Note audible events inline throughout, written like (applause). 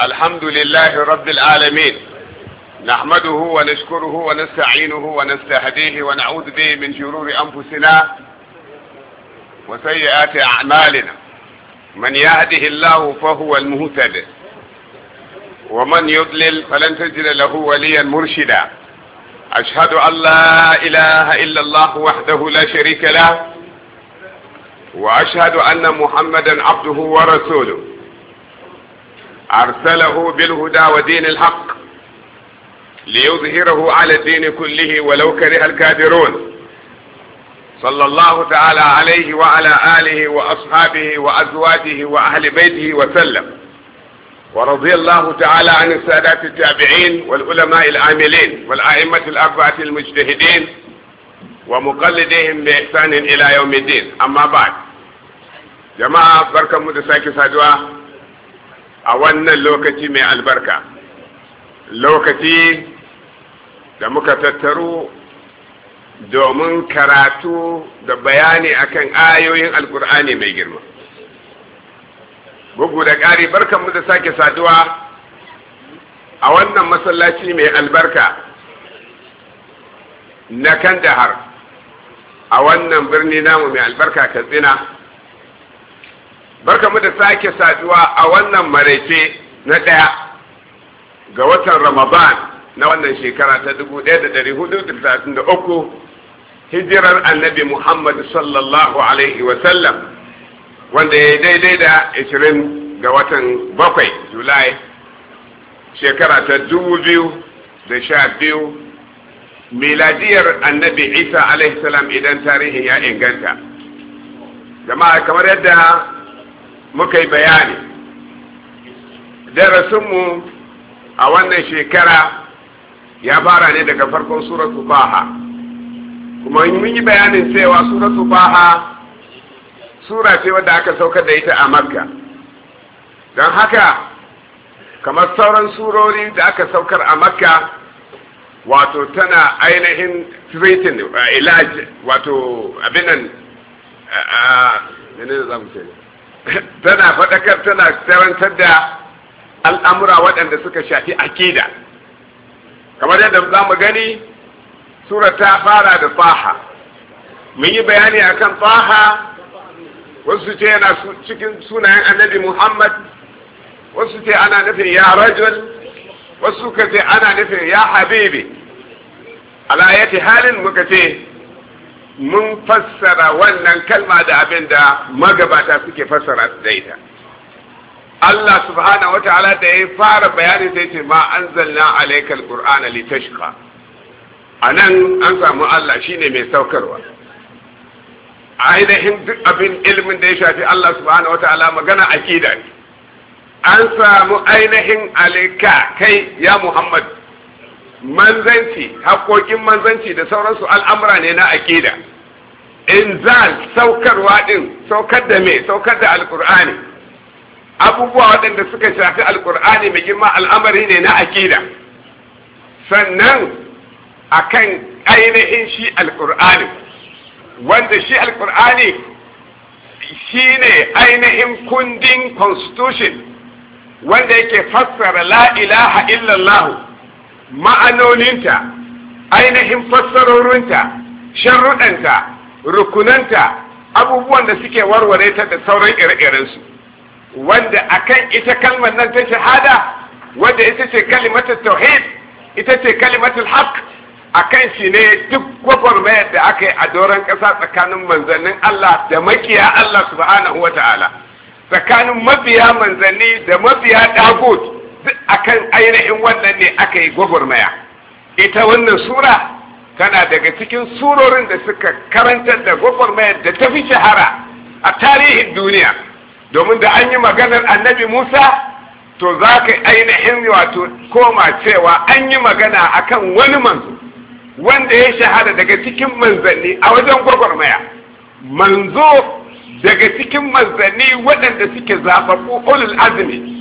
الحمد لله رب العالمين نحمده ونشكره ونستعينه ونستهديه ونعوذ به من شرور أنفسنا وسيئات أعمالنا من يهده الله فهو المهتد ومن يضلل فلن تجد له وليا مرشدا أشهد أن لا إله إلا الله وحده لا شريك له وأشهد أن محمدا عبده ورسوله أرسله بالهدى ودين الحق ليظهره على الدين كله ولو كره الكافرون صلى الله تعالى عليه وعلى آله وأصحابه وأزواجه وأهل بيته وسلم ورضي الله تعالى عن السادات التابعين والعلماء العاملين والأئمة الأربعة المجتهدين ومقلديهم بإحسان إلى يوم الدين أما بعد جماعة بركة متساكسه سادوا a wannan lokaci mai albarka lokaci da muka tattaro domin karatu da bayani akan ayoyin alkur'ani mai girma bugu da ƙari barkanmu da sake saduwa a wannan masallaci mai albarka na kan dahar a wannan birni namu mai albarka katsina barka mu da sake saduwa a wannan maraice na ɗaya ga watan ramadan na wannan shekara ta 1433 hijirar annabi muhammad sallallahu alaihi wasallam wanda ya yi daidai da 20 ga watan bakwai julai shekara ta 2012 miladiyar annabi isa alaihi salam idan tarihin ya inganta jama'a kamar yadda muka yi bayani darasinmu a wannan shekara ya fara ne daga farkon suratu baha kuma mun yi bayanin cewa suratu baha sura ce wadda aka saukar da ita a makka don haka kamar sauran surori da aka saukar a makka wato tana ainihin treating uh, ilaj wato abinan a uh, uh, za zamu ce tana faɗakar tana tarantar da al'amura waɗanda suka shafi akida kamar yadda za mu gani sura ta fara da faha mun yi bayani kan faha wasu ce yana cikin sunayen annabi muhammad wasu ce ana nufin ya rajul wasu ka ce ana nufin ya habibi ala halin muka ce mun fassara wannan kalma da abin da magabata suke fassara su da ita Allah subhanahu wa ta'ala da ya fara bayani sai ce ma an anzalna alaikal qur'ana A nan, an samu Allah shine mai saukarwa ainihin duk abin ilmin da ya shafi Allah subhanahu wa ta'ala magana akida ne an samu ainihin alika kai ya Muhammad manzanci haƙoƙin manzanci da sauransu al'amura ne na aƙida inzal saukarwa ɗin saukar da me saukar da alƙur'ani abubuwa waɗanda suka shafi alƙur'ani mai girma al'amari ne na aƙida sannan akan ainihin shi alƙur'ani wanda shi alƙur'ani shi ne ainihin kundin constitution wanda yake fassara la ilaha illallahu ma'anoninta ainihin fassarorinta sharruɗanta rukunanta abubuwan da suke warware ta da sauran ire-irensu wanda akan ita kalmar nan ta shahada wanda ita ce kalimatar tauhid ita ce kalimatar haq akan shi ne duk gwagwarmayar da aka yi a doron ƙasa tsakanin manzannin Allah da makiya Allah subhanahu wa ta'ala tsakanin mabiya manzanni da mabiya dagot duk akan ainihin wannan ne aka yi gwagwarmaya ita wannan sura tana daga cikin surorin da suka karantar da gwagwarmaya da ta fi shahara a tarihin duniya domin da an yi maganar annabi musa to za ka ainihin wato koma cewa an yi magana akan wani manzo wanda ya shahara daga cikin manzanni a wajen gwagwarmaya manzo daga cikin manzanni waɗanda suke zaɓaɓɓu ulul azumi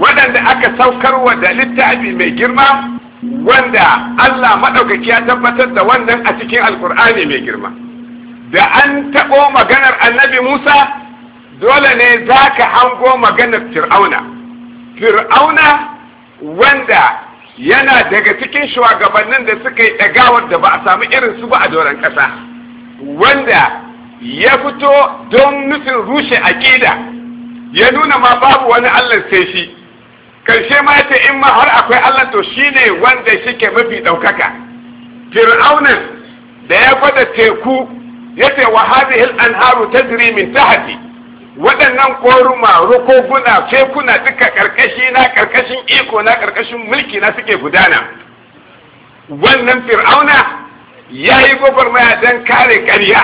waɗanda aka saukarwa da littafi mai girma wanda Allah maɗaukaki ya tabbatar da wannan a cikin alkur'ani mai girma da an taɓo maganar annabi Musa dole ne za ka hango maganar fir'auna fir'auna wanda yana daga cikin shugabannin da suka yi ɗagawar da ba a samu irin su ba a doron ƙasa wanda ya fito don nufin rushe aƙida ya nuna ma babu wani allah sai shi karshe ma yace in ma har akwai Allah to shine wanda shike mafi daukaka fir'auna da ya gwada teku yace wa hadhihi al-anharu tajri min tahti waɗannan koruma rukoguna tekuna duka karkashi na karkashin iko na karkashin mulki na suke gudana wannan fir'auna ya yi gwagwarmaya don kare kariya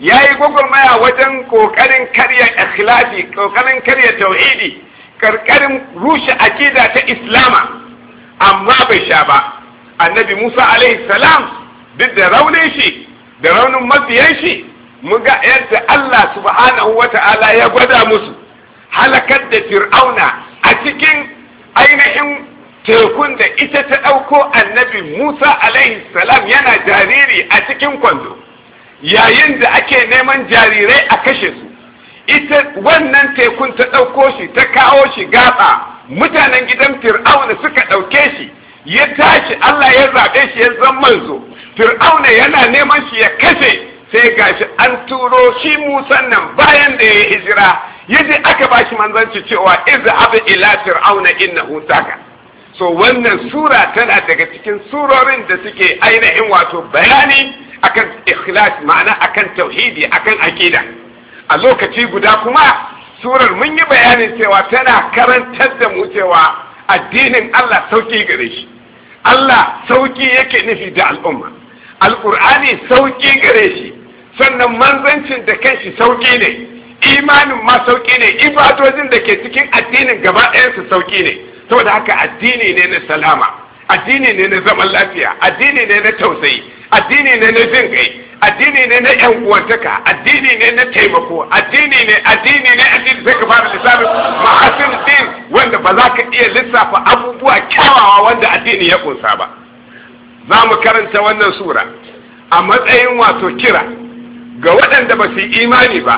ya yi gwagwarmaya wajen ƙoƙarin karya ikhlasi ƙoƙarin karya tauhidi karkarin rushe akida ta islama amma bai sha ba annabi musa alaihi salam duk da raunin shi da raunin mabiyan shi muga ga yadda allah subhanahu wa ta'ala ya gwada musu halakar da fir'auna a cikin ainihin tekun da ita ta ɗauko annabi musa alaihi salam yana jariri a cikin kwando yayin da ake neman jarirai a kashe su ita wannan tekun ta ɗauko shi ta kawo shi gatsa mutanen gidan fir'auna suka ɗauke shi ya tashi Allah ya zaɓe shi ya zan manzo fir'auna yana neman shi ya kashe sai gashi an turo shi musan nan bayan da ya hijira yadda aka ba shi manzanci cewa iza abu ila fir'auna inna hutaka. so wannan sura tana daga cikin surorin da suke ainihin wato bayani akan ikhlas ma'ana akan tauhidi akan aqida a lokaci guda kuma surar mun yi bayanin cewa tana karantar da mu cewa addinin Allah sauki gare shi Allah sauki yake nufi da al'umma alkur'ani sauki gare shi sannan manzancin da kanshi sauki ne imanin ma sauki ne ibadojin da ke cikin addinin gaba su sauki ne saboda haka addini ne na salama addini ne na zaman lafiya addini ne na tausayi addini ne na jin kai addini ne na yan uwantaka addini ne na taimako addini ne addini ne addini sai ka fara lissafin mahasin din wanda ba za ka iya lissafa abubuwa kyawawa wanda addini ya kunsa ba za mu karanta wannan sura a matsayin wato kira ga waɗanda ba su yi imani ba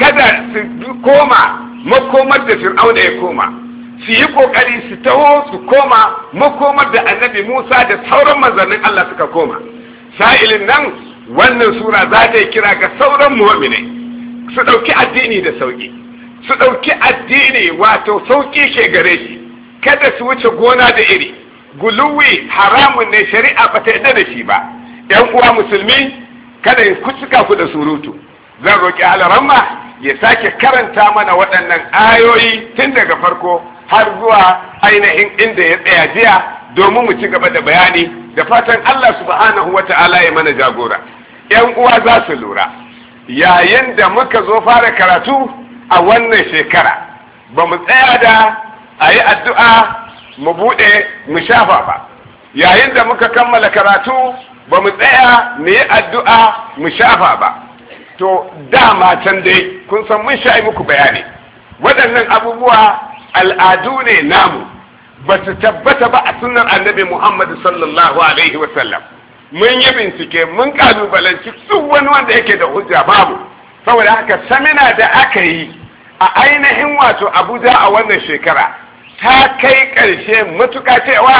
kada su koma makomar da fir'auna ya koma su yi kokari su taho su koma makomar da annabi musa da sauran manzannin allah suka koma sa'ilin nan wannan sura za ta yi kira ga sauran mu'minai su ɗauki addini da sauƙi su ɗauki addini wato sauƙi ke gare shi kada su wuce gona da iri guluwi haramun ne shari'a ba ta yadda da shi ba yan uwa musulmi kada in kusuka ku da surutu zan roƙi alaramma ya sake karanta mana waɗannan ayoyi tun daga farko har zuwa ainihin inda ya tsaya jiya domin mu ci gaba da bayani da fatan Allah subhanahu wa ta'ala ya mana jagora ‘yan uwa za su lura yayin da muka zo fara karatu a wannan shekara ba mu tsaya da a yi addu'a mu buɗe mu shafa ba yayin da muka kammala karatu ba mu tsaya mu yi addu'a mu shafa ba to dama can dai kun san mun sha'i muku bayani waɗannan abubuwa al'adu ne namu ba tabbata ba a sunan annabi Muhammad sallallahu alaihi wasallam mun yi bincike mun kalubalanci su wani wanda yake da hujja babu saboda haka samina da aka yi a ainihin wato Abuja a wannan shekara ta kai ƙarshe matuƙa cewa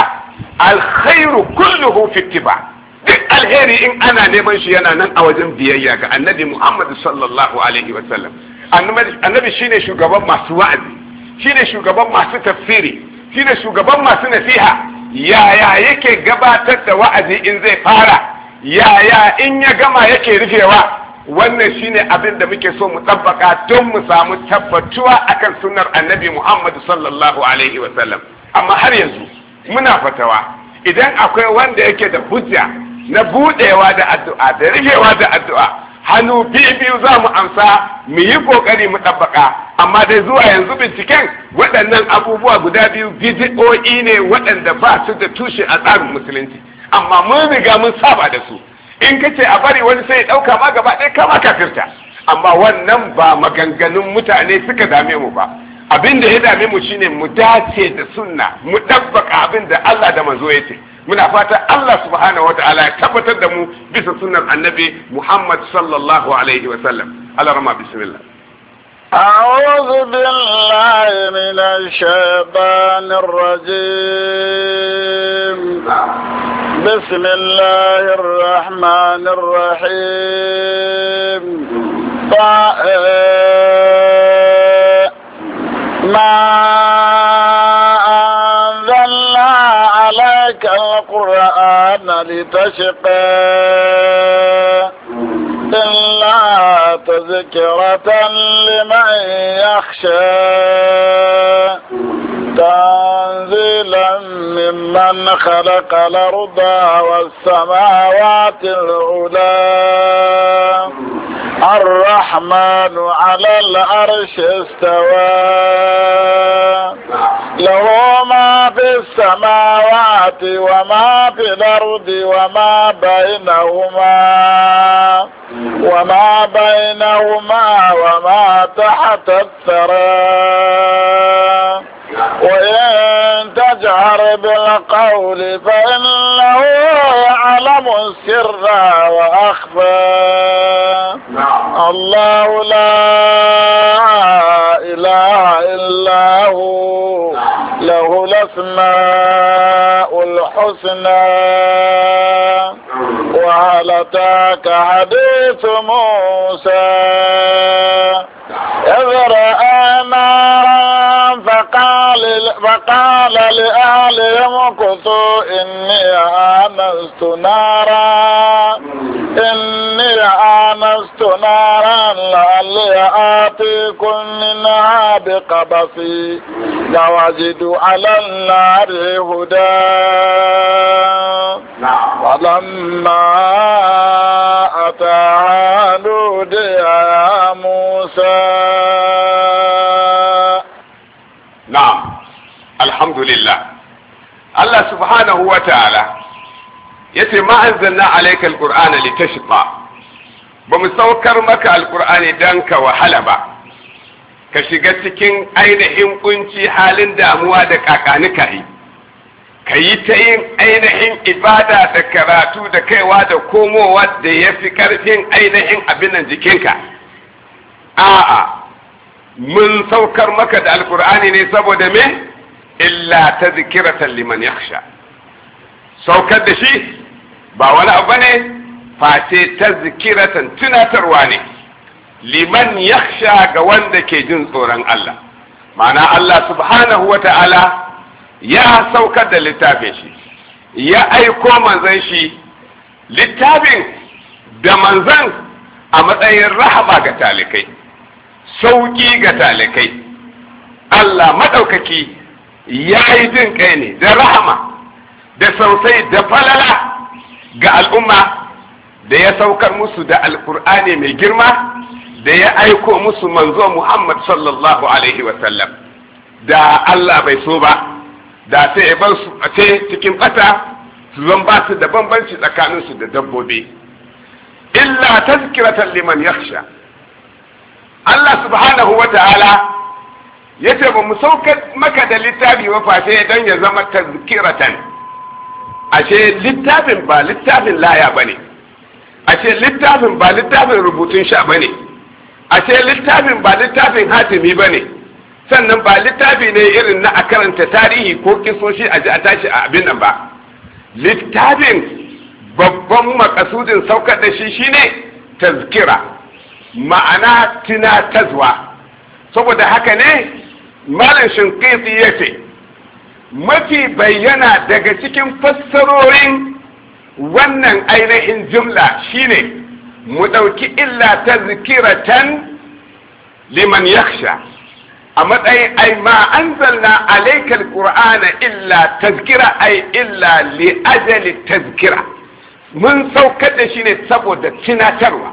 alkhairu kulluhu ba. duk alheri in ana neman shi yana nan a wajen biyayya ga annabi Muhammad sallallahu alaihi wasallam annabi shine shugaban masu wa'azi shine shugaban masu tafsiri shine shugaban masu nasiha yaya yake gabatar da wa'azi in zai fara yaya in ya gama yake rufewa wannan shine abin da muke so mu tabbaka don mu samu tabbatuwa akan sunnar annabi Muhammad sallallahu alaihi Wasallam. amma har yanzu muna fatawa idan akwai wanda yake da hujja na budewa da addu'a da rufewa da addu'a hannu biyu biyu za mu amsa mu yi kokari mu ɗabbaka amma dai zuwa yanzu binciken waɗannan abubuwa guda biyu bidi'o'i ne waɗanda ba su da tushe a tsarin musulunci amma mun riga mun saba da su in ka ce a bari wani sai ɗauka ma gaba ɗaya kama kafirta amma wannan ba maganganun mutane suka dame mu ba abin da ya dame mu shine mu dace da sunna mu ɗabbaka abinda Allah da manzo ya ce muna fata Allah subhanahu wataala ya tabbatar da mu bisa sunnar annabi Muhammad sallallahu alaihi wasallam Allah rama bismillah أعوذ بالله من الشيطان الرجيم بسم الله الرحمن الرحيم طائر ما القرآن لتشقى إلا تذكرة لمن يخشى تنزيلا ممن خلق الأرض والسماوات العلا الرحمن على العرش استوى له ما في السماوات وما في الأرض وما بينهما وما بينهما وما تحت الثرى وإن تجهر بالقول فإنه يعلم السر وأخفى نعم. الله لا الأسماء الحسنى وهل أتاك حديث موسى إذ رأى نارا وقال وقال لأهلهم امكثوا إني آنست نارا إني آنست نارا لعلي آتيكم منها بقبسي لوجد على النار هدى ولما أتاها نودي يا موسى alhamdulillah Allah subhanahu wa ta'ala ya ce ma'anzanna alaikal qur'ana litashqa ba mu saukar maka alqur'ani dan ka wahala ba ka shiga cikin ainihin kunci halin damuwa da kakanikai ka yi ta yin ainihin ibada da karatu da kaiwa da komowa da ya fi karfin ainihin abinan jikinka a'a mun saukar maka da alkur'ani ne saboda me illa ta zikiratan liman yakhsha saukar da shi ba wani abu ne face ta zikiratan tunatarwa ne liman yakhsha ga wanda ke jin tsoron Allah ma'ana Allah subhanahu wa ta'ala ya saukar da littafin shi ya aiko manzan shi littafin da manzan a matsayin rahama ga talikai sauki ga talikai Allah maɗaukaki ya yi jin kai ne da rahama da sausai da falala ga al'umma da ya saukar musu da alkur'ani mai girma da ya aiko musu manzo muhammad sallallahu alaihi wasallam da allah bai so ba da sai ya su a cikin bata su zan ba su da bambanci tsakaninsu da dabbobi illa tazkiratan liman yakhsha Allah subhanahu wa ta'ala yace ba mu saukar maka da littafi ba face don ya zama tazkiratan ashe littafin ba littafin laya ba ne ashe littafin ba littafin rubutun sha ba ashe littafin ba littafin hatimi ba sannan ba littafi ne irin na a karanta tarihi ko kisoshi a ji a tashi a abin nan ba littafin babban makasudin saukar da shi shine tazkira ma'ana tazwa saboda haka ne malin shinqiti yace mafi bayyana daga cikin fassarorin wannan ainihin jumla shine mu ɗauki illa ta zikiratan liman yakhsha a matsayin ai ma anzalna alaikal qur'ana illa tazkira ai illa li ajali tazkira mun saukar da shi ne saboda tunatarwa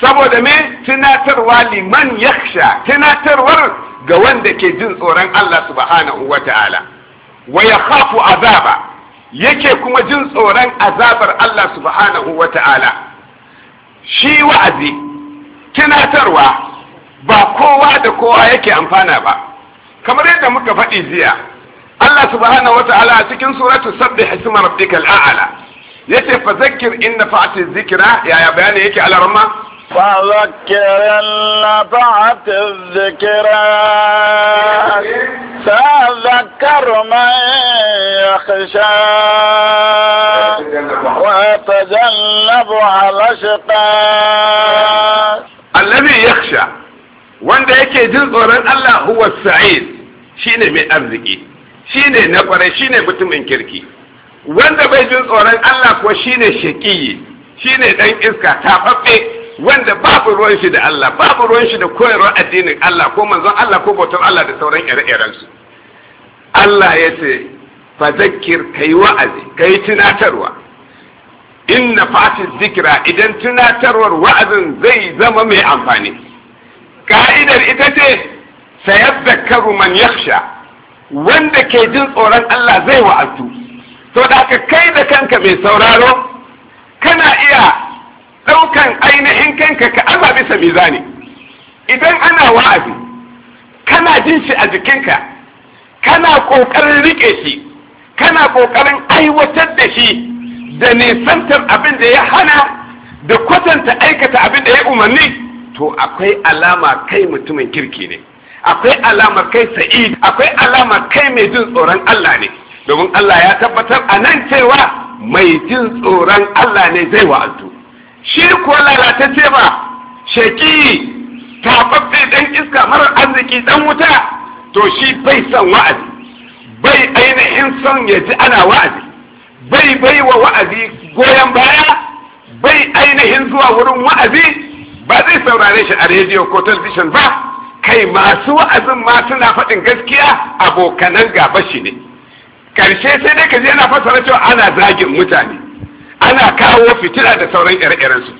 saboda me tunatarwa liman yakhsha tunatarwar ga wanda ke jin tsoron Allah subhanahu wa ta'ala wa ya khafu azaba yake kuma jin tsoron azabar Allah subhanahu wa ta'ala shi wa'azi tunatarwa ba kowa da kowa yake amfana ba kamar yadda muka faɗi jiya Allah subhanahu wa ta'ala cikin suratu sabbih isma rabbikal a'la yace fa zakkir in nafa'ati zikira. yaya bayani yake alarma فذكر النفعت الذكرى سذكر من يخشى ويتجنب على شقى الذي يخشى wanda yake jin tsoron Allah huwa sa'id shine mai arziki shine na kwarai shine mutumin kirki wanda bai jin tsoron Allah ko shine shaqiyi shine dan iska tafaffe wanda babu ruwan shi da Allah babu ruwan shi da koyarwar addinin Allah ko manzon Allah ko bautar Allah da sauran ire-iren su Allah ya ce fa zakkir kai wa'azi kai tunatarwa inna fati zikra idan tunatarwar wa'azin zai zama mai amfani ka'idar ita ce sayadhakkaru man yakhsha wanda ke jin tsoron Allah zai wa'azu to da ka kai da kanka mai sauraro kana iya ɗaukan ainihin kanka ka aza bisa mizani idan ana wa'azi kana jin shi a jikinka kana ƙoƙarin riƙe shi kana ƙoƙarin aiwatar da shi da nisantar abin da ya hana da kwatanta aikata abin da ya umarni to akwai alama kai mutumin kirki ne akwai alama kai sa'id akwai alama kai mai jin tsoron Allah ne domin Allah ya tabbatar a nan cewa mai jin tsoron Allah ne zai wa'azu shi kuwa lalatacce ba sheki tababbe dan iska marar arziki dan wuta to shi bai son wa'azi bai ainihin son ya ji ana wa'azi bai bai wa wa'azi goyon baya bai ainihin zuwa wurin wa'azi ba zai saurare shi a rediyo ko talbishin ba kai masu wa'azin ma suna faɗin gaskiya abokanan gaba shi ne ƙarshe sai dai ka je yana fasara cewa ana zagin mutane ana kawo fitina da sauran ire-irensu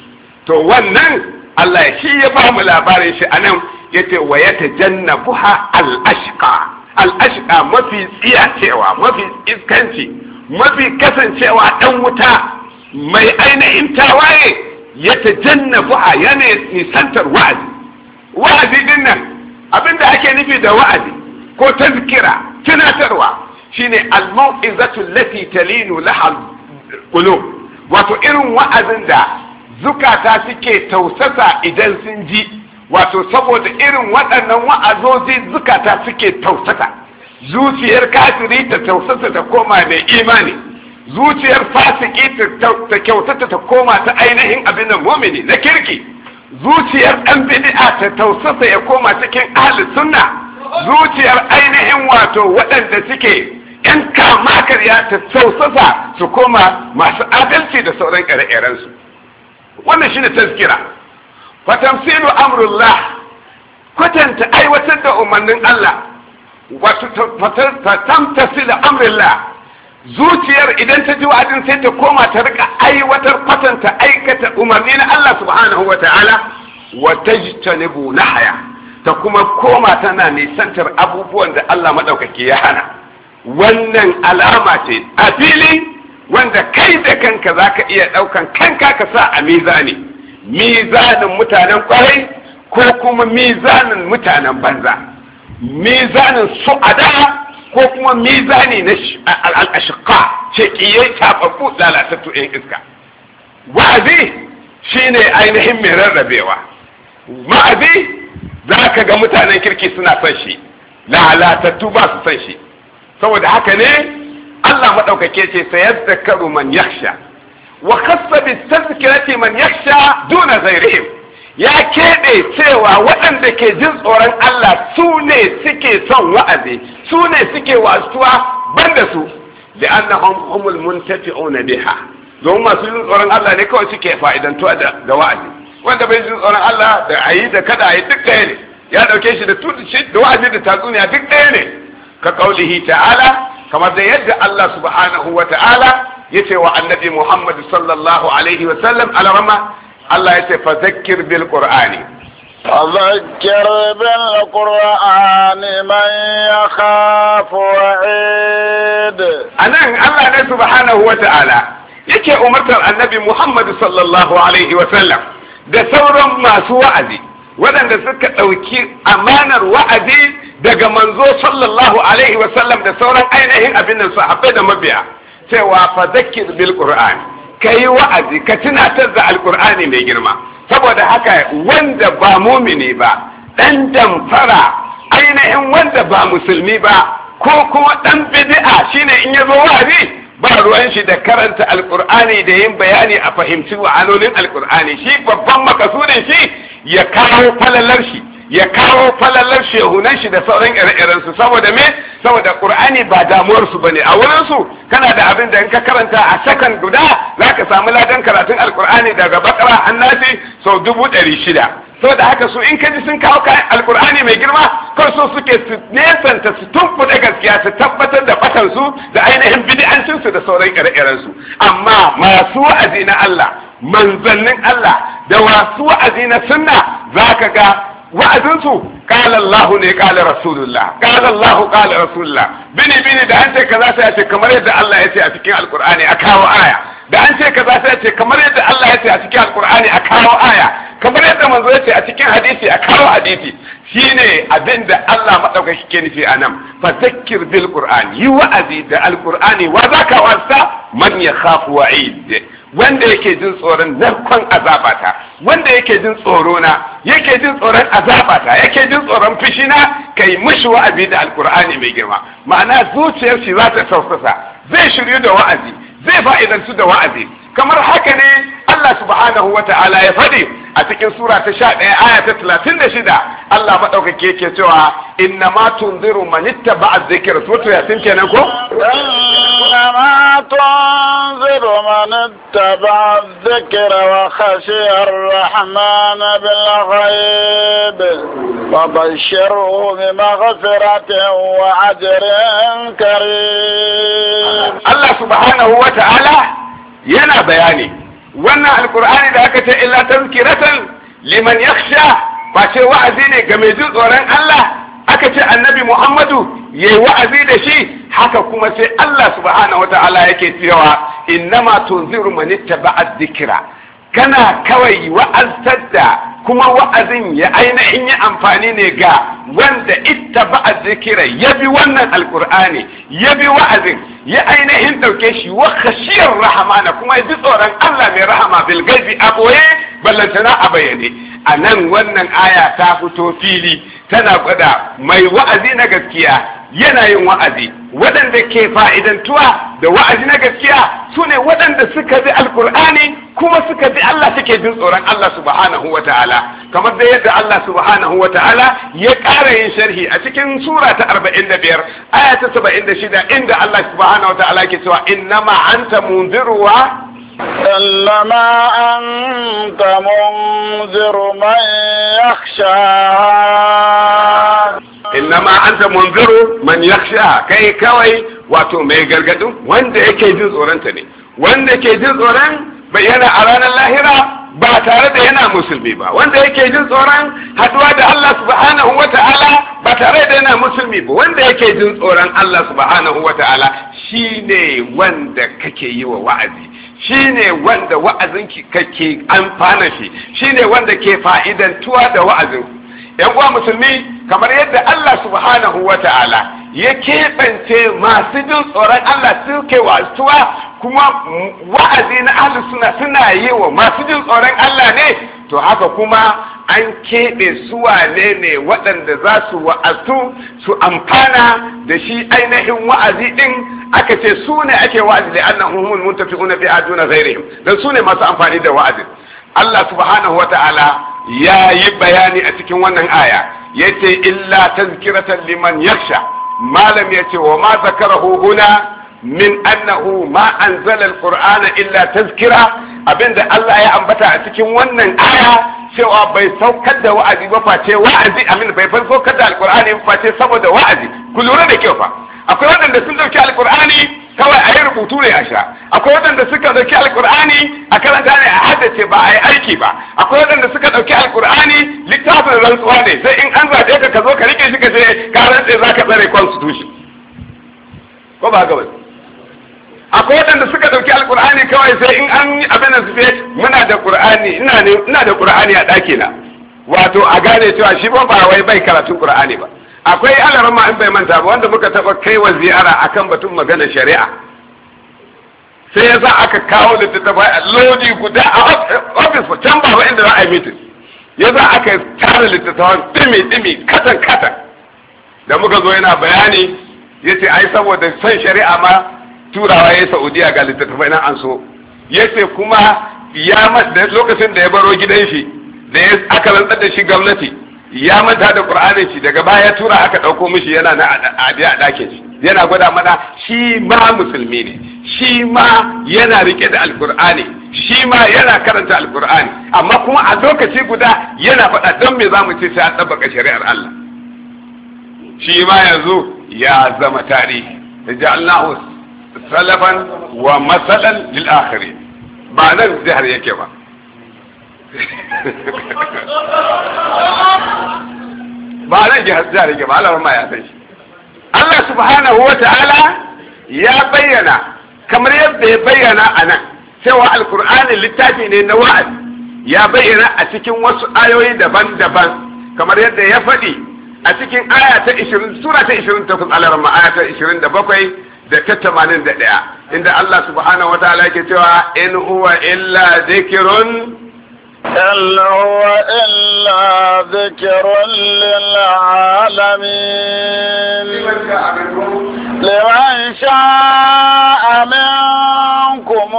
to wannan Allah shi ya ba mu labarin shi a nan ya ce wa ya ta janna buha al'ashka mafi tsiyacewa mafi iskanci mafi kasancewa ɗan wuta mai ainihin tawaye ya ta janna buha yana nisantar wa'azi wa'azi din nan abinda ake nufi da wa'azi ko tazkira tunatarwa shine al-mau'izatu lati talinu laha qulub wato irin wa'azin da zukata suke tausasa idan sun ji wato saboda irin waɗannan wa'azozi zukata suke tausasa zuciyar kafiri ta tausasa ta koma mai imani zuciyar fasiki ta kyautata ta koma ta ainihin abin da mumini na kirki zuciyar ɗan bidi'a ta tausasa ya koma cikin ahli sunna zuciyar ainihin wato waɗanda suke 'yan kama karya ta sausasa su koma masu adalci da sauran ƙere-ƙerensu wannan shine taskira fatamsilu amrullah kwatanta aiwatar da umarnin Allah fatamtasilu amrullah zuciyar idan ta ji wa'adin sai ta koma ta rika aiwatar kwatanta aikata umarni na Allah subhanahu wa ta'ala wa na haya ta kuma koma tana nisantar abubuwan da Allah maɗaukaki ya hana wannan alama ce a fili wanda kai da kanka za ka iya ɗaukan kanka ka sa a mizani mizanin mutanen kwarai ko kuma mizanin mutanen banza mizanin su da ko kuma mizani na al'ashika ce kiye tababbu lalatattu yan iska wa'azi ne ainihin mai rarrabewa ma'azi za ka ga mutanen kirki suna son shi lalatattu ba su son shi saboda haka ne Allah maɗaukake ce sayadhakaru man yakhsha wa khassa bitadhkirati man yakhsha duna ghayrihim ya keɓe cewa waɗanda ke jin tsoron Allah su ne suke son wa'azi su ne suke wasuwa banda su da li'annahum humul muntafi'una biha domin masu jin tsoron Allah ne kawai suke fa'idantuwa da wa'azi wanda bai jin tsoron Allah da ayi da kada ayi duk ɗaya ne ya ɗauke shi da tutu da wa'azi da tatsuniya duk ɗaya ne كقوله تعالى كما يد الله سبحانه وتعالى يتوى النبي محمد صلى الله عليه وسلم على رمى الله يتوى فذكر بالقرآن فذكر بالقرآن من يخاف وعيد أنا الله سبحانه وتعالى yake umartar annabi Muhammad sallallahu alaihi wa sallam da sauran masu wa'azi waɗanda suka ɗauki amanar wa'azi daga manzo sallallahu alaihi wasallam da sauran ainihin abin nan sahabbai da mabiya cewa fa zakir bil qur'ani kai wa'azi ka tunatar da alqur'ani mai girma saboda haka wanda ba mumini ba dan damfara ainihin wanda ba musulmi ba ko kuma dan bid'a shine in ya yazo wa'azi ba ruwan shi da karanta alqur'ani da yin bayani a fahimci wa'alolin alqur'ani shi babban makasudin shi ya kawo falalar shi ya kawo falalar shehunan shi da sauran ire-iren su saboda me saboda qur'ani ba damuwar su bane a wurin su kana da abin da in ka karanta a sakan guda zaka samu ladan karatun alqur'ani daga bakara annasi sau dubu ɗari shida saboda haka su in ka ji sun kawo kayan alqur'ani mai girma Kar so suke su nesanta su tumfuɗe gaskiya su tabbatar da fatan su da ainihin bid'ancin su da sauran ire-iren su amma masu wa'azi na Allah manzannin Allah da wasu wa'azi na sunna zaka ga wa'azinsu kala Allah ne kala Rasulullah kala Allah kala Rasulullah bini bini da an ce kaza sai a ce kamar yadda Allah ya ce a cikin Alkur'ani a kawo aya da an ce kaza sai a ce kamar yadda Allah ya ce a cikin Alkur'ani a kawo aya kamar yadda manzo ya ce a cikin hadisi a kawo hadisi shine abin da Allah madaukaki ke nufi a nan fa zakkir bil qur'an yi wa'azi da al-qur'ani wa zaka wasa man yakhafu wa'id wanda yake jin tsoron narkon azabata wanda yake jin tsoro na yake jin tsoron azabata yake jin tsoron fishina na kai mushi wa'azi da al-qur'ani mai girma ma'ana zuciyar shi za ta sausasa zai shiryu da wa'azi zai fa'idantu da wa'azi kamar haka ne Allah subhanahu wa ta'ala ya faɗi a cikin sura ta sha ɗaya aya ta talatin da shida Allah maɗaukake ke cewa inna ma tunziru manitta ba a zikir sutu ya sun kenan ko? inna ma tunziru manitta ba a zikir wa khashiyar rahman bil ghaib wa bashiru bi maghfiratin wa ajrin karim Allah subhanahu wa ta'ala yana bayani wannan alkur'ani da aka ce illa tazkiratan liman yakhsha ba ce wa'azi ne ga mai jin tsoron Allah aka ce annabi Muhammadu yayi wa'azi da shi haka kuma sai Allah subhanahu wata'ala yake cewa innama tunziru man ittaba'a dhikra kana kawai wa’azar da kuma wa'azin ya ainihin yi amfani ne ga wanda ita ba a ya bi wannan alkur'ani ya bi wa'azin ya ainihin ɗauke shi wa rahama na, kuma ya bi tsoron Allah mai rahama bilgazi a boye ballantana a bayyane a nan wannan aya ta fito fili tana gwada mai wa'azi na gaskiya yana yin wa'azi waɗanda ke fa'idantuwa da wa'azi na gaskiya su ne waɗanda suka bi alkur'ani kuma suka bi Allah suke jin tsoron Allah subhanahu wa ta'ala kamar da yadda Allah subhanahu wa ta'ala ya ƙara yin sharhi a cikin sura ta ayata aya ta 76 inda Allah subhanahu wa ta'ala ke cewa innama anta munziru wa إنما أنت munziru innama anta munziru man yakhsha kai kawai wato mai gargadin wanda yake jin tsoronta ne wanda yake jin tsoron yana a ranar lahira ba tare da yana musulmi ba wanda yake jin tsoron haduwa da Allah subhanahu wata'ala ba tare da yana musulmi ba wanda yake jin tsoron Allah subhanahu wata'ala shine wanda kake yi wa wa'azi shine wanda wa'azinki kake amfana shi shine wanda ke fa'idantuwa da wa'azin yan uwa musulmi kamar yadda Allah subhanahu wa ta'ala ya keɓance masu jin tsoron Allah suke wasuwa kuma wa'azi na ahli suna suna yi wa masu jin tsoron Allah ne to haka kuma an keɓe suwa ne waɗanda za su wa'azu su amfana da shi ainihin wa'azi ɗin aka ce su ne ake wa'azi da annan mun tafi una bi juna zairihim dan su ne masu amfani da wa'azi Allah subhanahu wa ta'ala ya yi bayani a cikin wannan aya ya ce illa tazkiratan liman yaksha malam ya ce wa ma zakarahu huna min annahu ma anzala alqur'ana illa tazkira abinda Allah ya ambata a cikin wannan aya cewa bai saukar da wa'azi ba face wa'azi amin bai farko saukar da alqur'ani ba face saboda wa'azi ku lura da kyau fa akwai waɗanda sun dauki alqur'ani kawai a yi rubutu ne a sha akwai waɗanda suka ɗauki alkur'ani a karanta ne a haddace ba a yi aiki ba akwai waɗanda suka ɗauki alkur'ani littafin rantsuwa ne sai in an zaɓe ka ka zo ka rike shi ka je ka rantse za ka tsare constitution ko ba gaba akwai waɗanda suka ɗauki alkur'ani kawai sai in an yi abin da suke muna da qur'ani ina da qur'ani a ɗakina wato a gane cewa shi ba wai bai karatun qur'ani ba akwai ma in bai manta ba wanda muka taba kai wa ziyara akan batun magana shari'a sai yasa aka kawo littattafai a lodi guda a ofis can ba inda za a yi mitin yasa aka tara littattafan dimi dimi katan katan da muka zo yana bayani yace ai saboda son shari'a ma turawa ya saudiya ga littattafai na an so yace kuma ya lokacin da ya baro gidan shi da ya aka rantsar da shi gwamnati ya manta da qur'anin shi daga baya tura aka dauko mishi yana na a dakin shi yana gwada mana shi ma musulmi ne shi ma yana rike da alkur'ani shi ma yana karanta alkur'ani amma kuma a lokaci guda yana faɗa don me za mu ce sai an ɗabbaka shari'ar Allah shi ma yanzu ya zama tarihi ja'alnahu salafan wa masalan lil akhirin ba nan jihar yake ba ba nan jihar yake ba alamar ma ya san shi Allah subhanahu wa ta'ala ya bayyana kamar yadda ya bayyana a nan cewa alkur'ani littafi ne na wa'azi ya bayyana a cikin wasu ayoyi daban-daban kamar yadda ya faɗi a cikin aya ta 20 sura ta 28 alarma aya ta 27 da ta tamanin da ɗaya inda Allah subhanahu wa ta'ala yake cewa in huwa illa zikirun إن هو إلا ذكر للعالمين لمن شاء منكم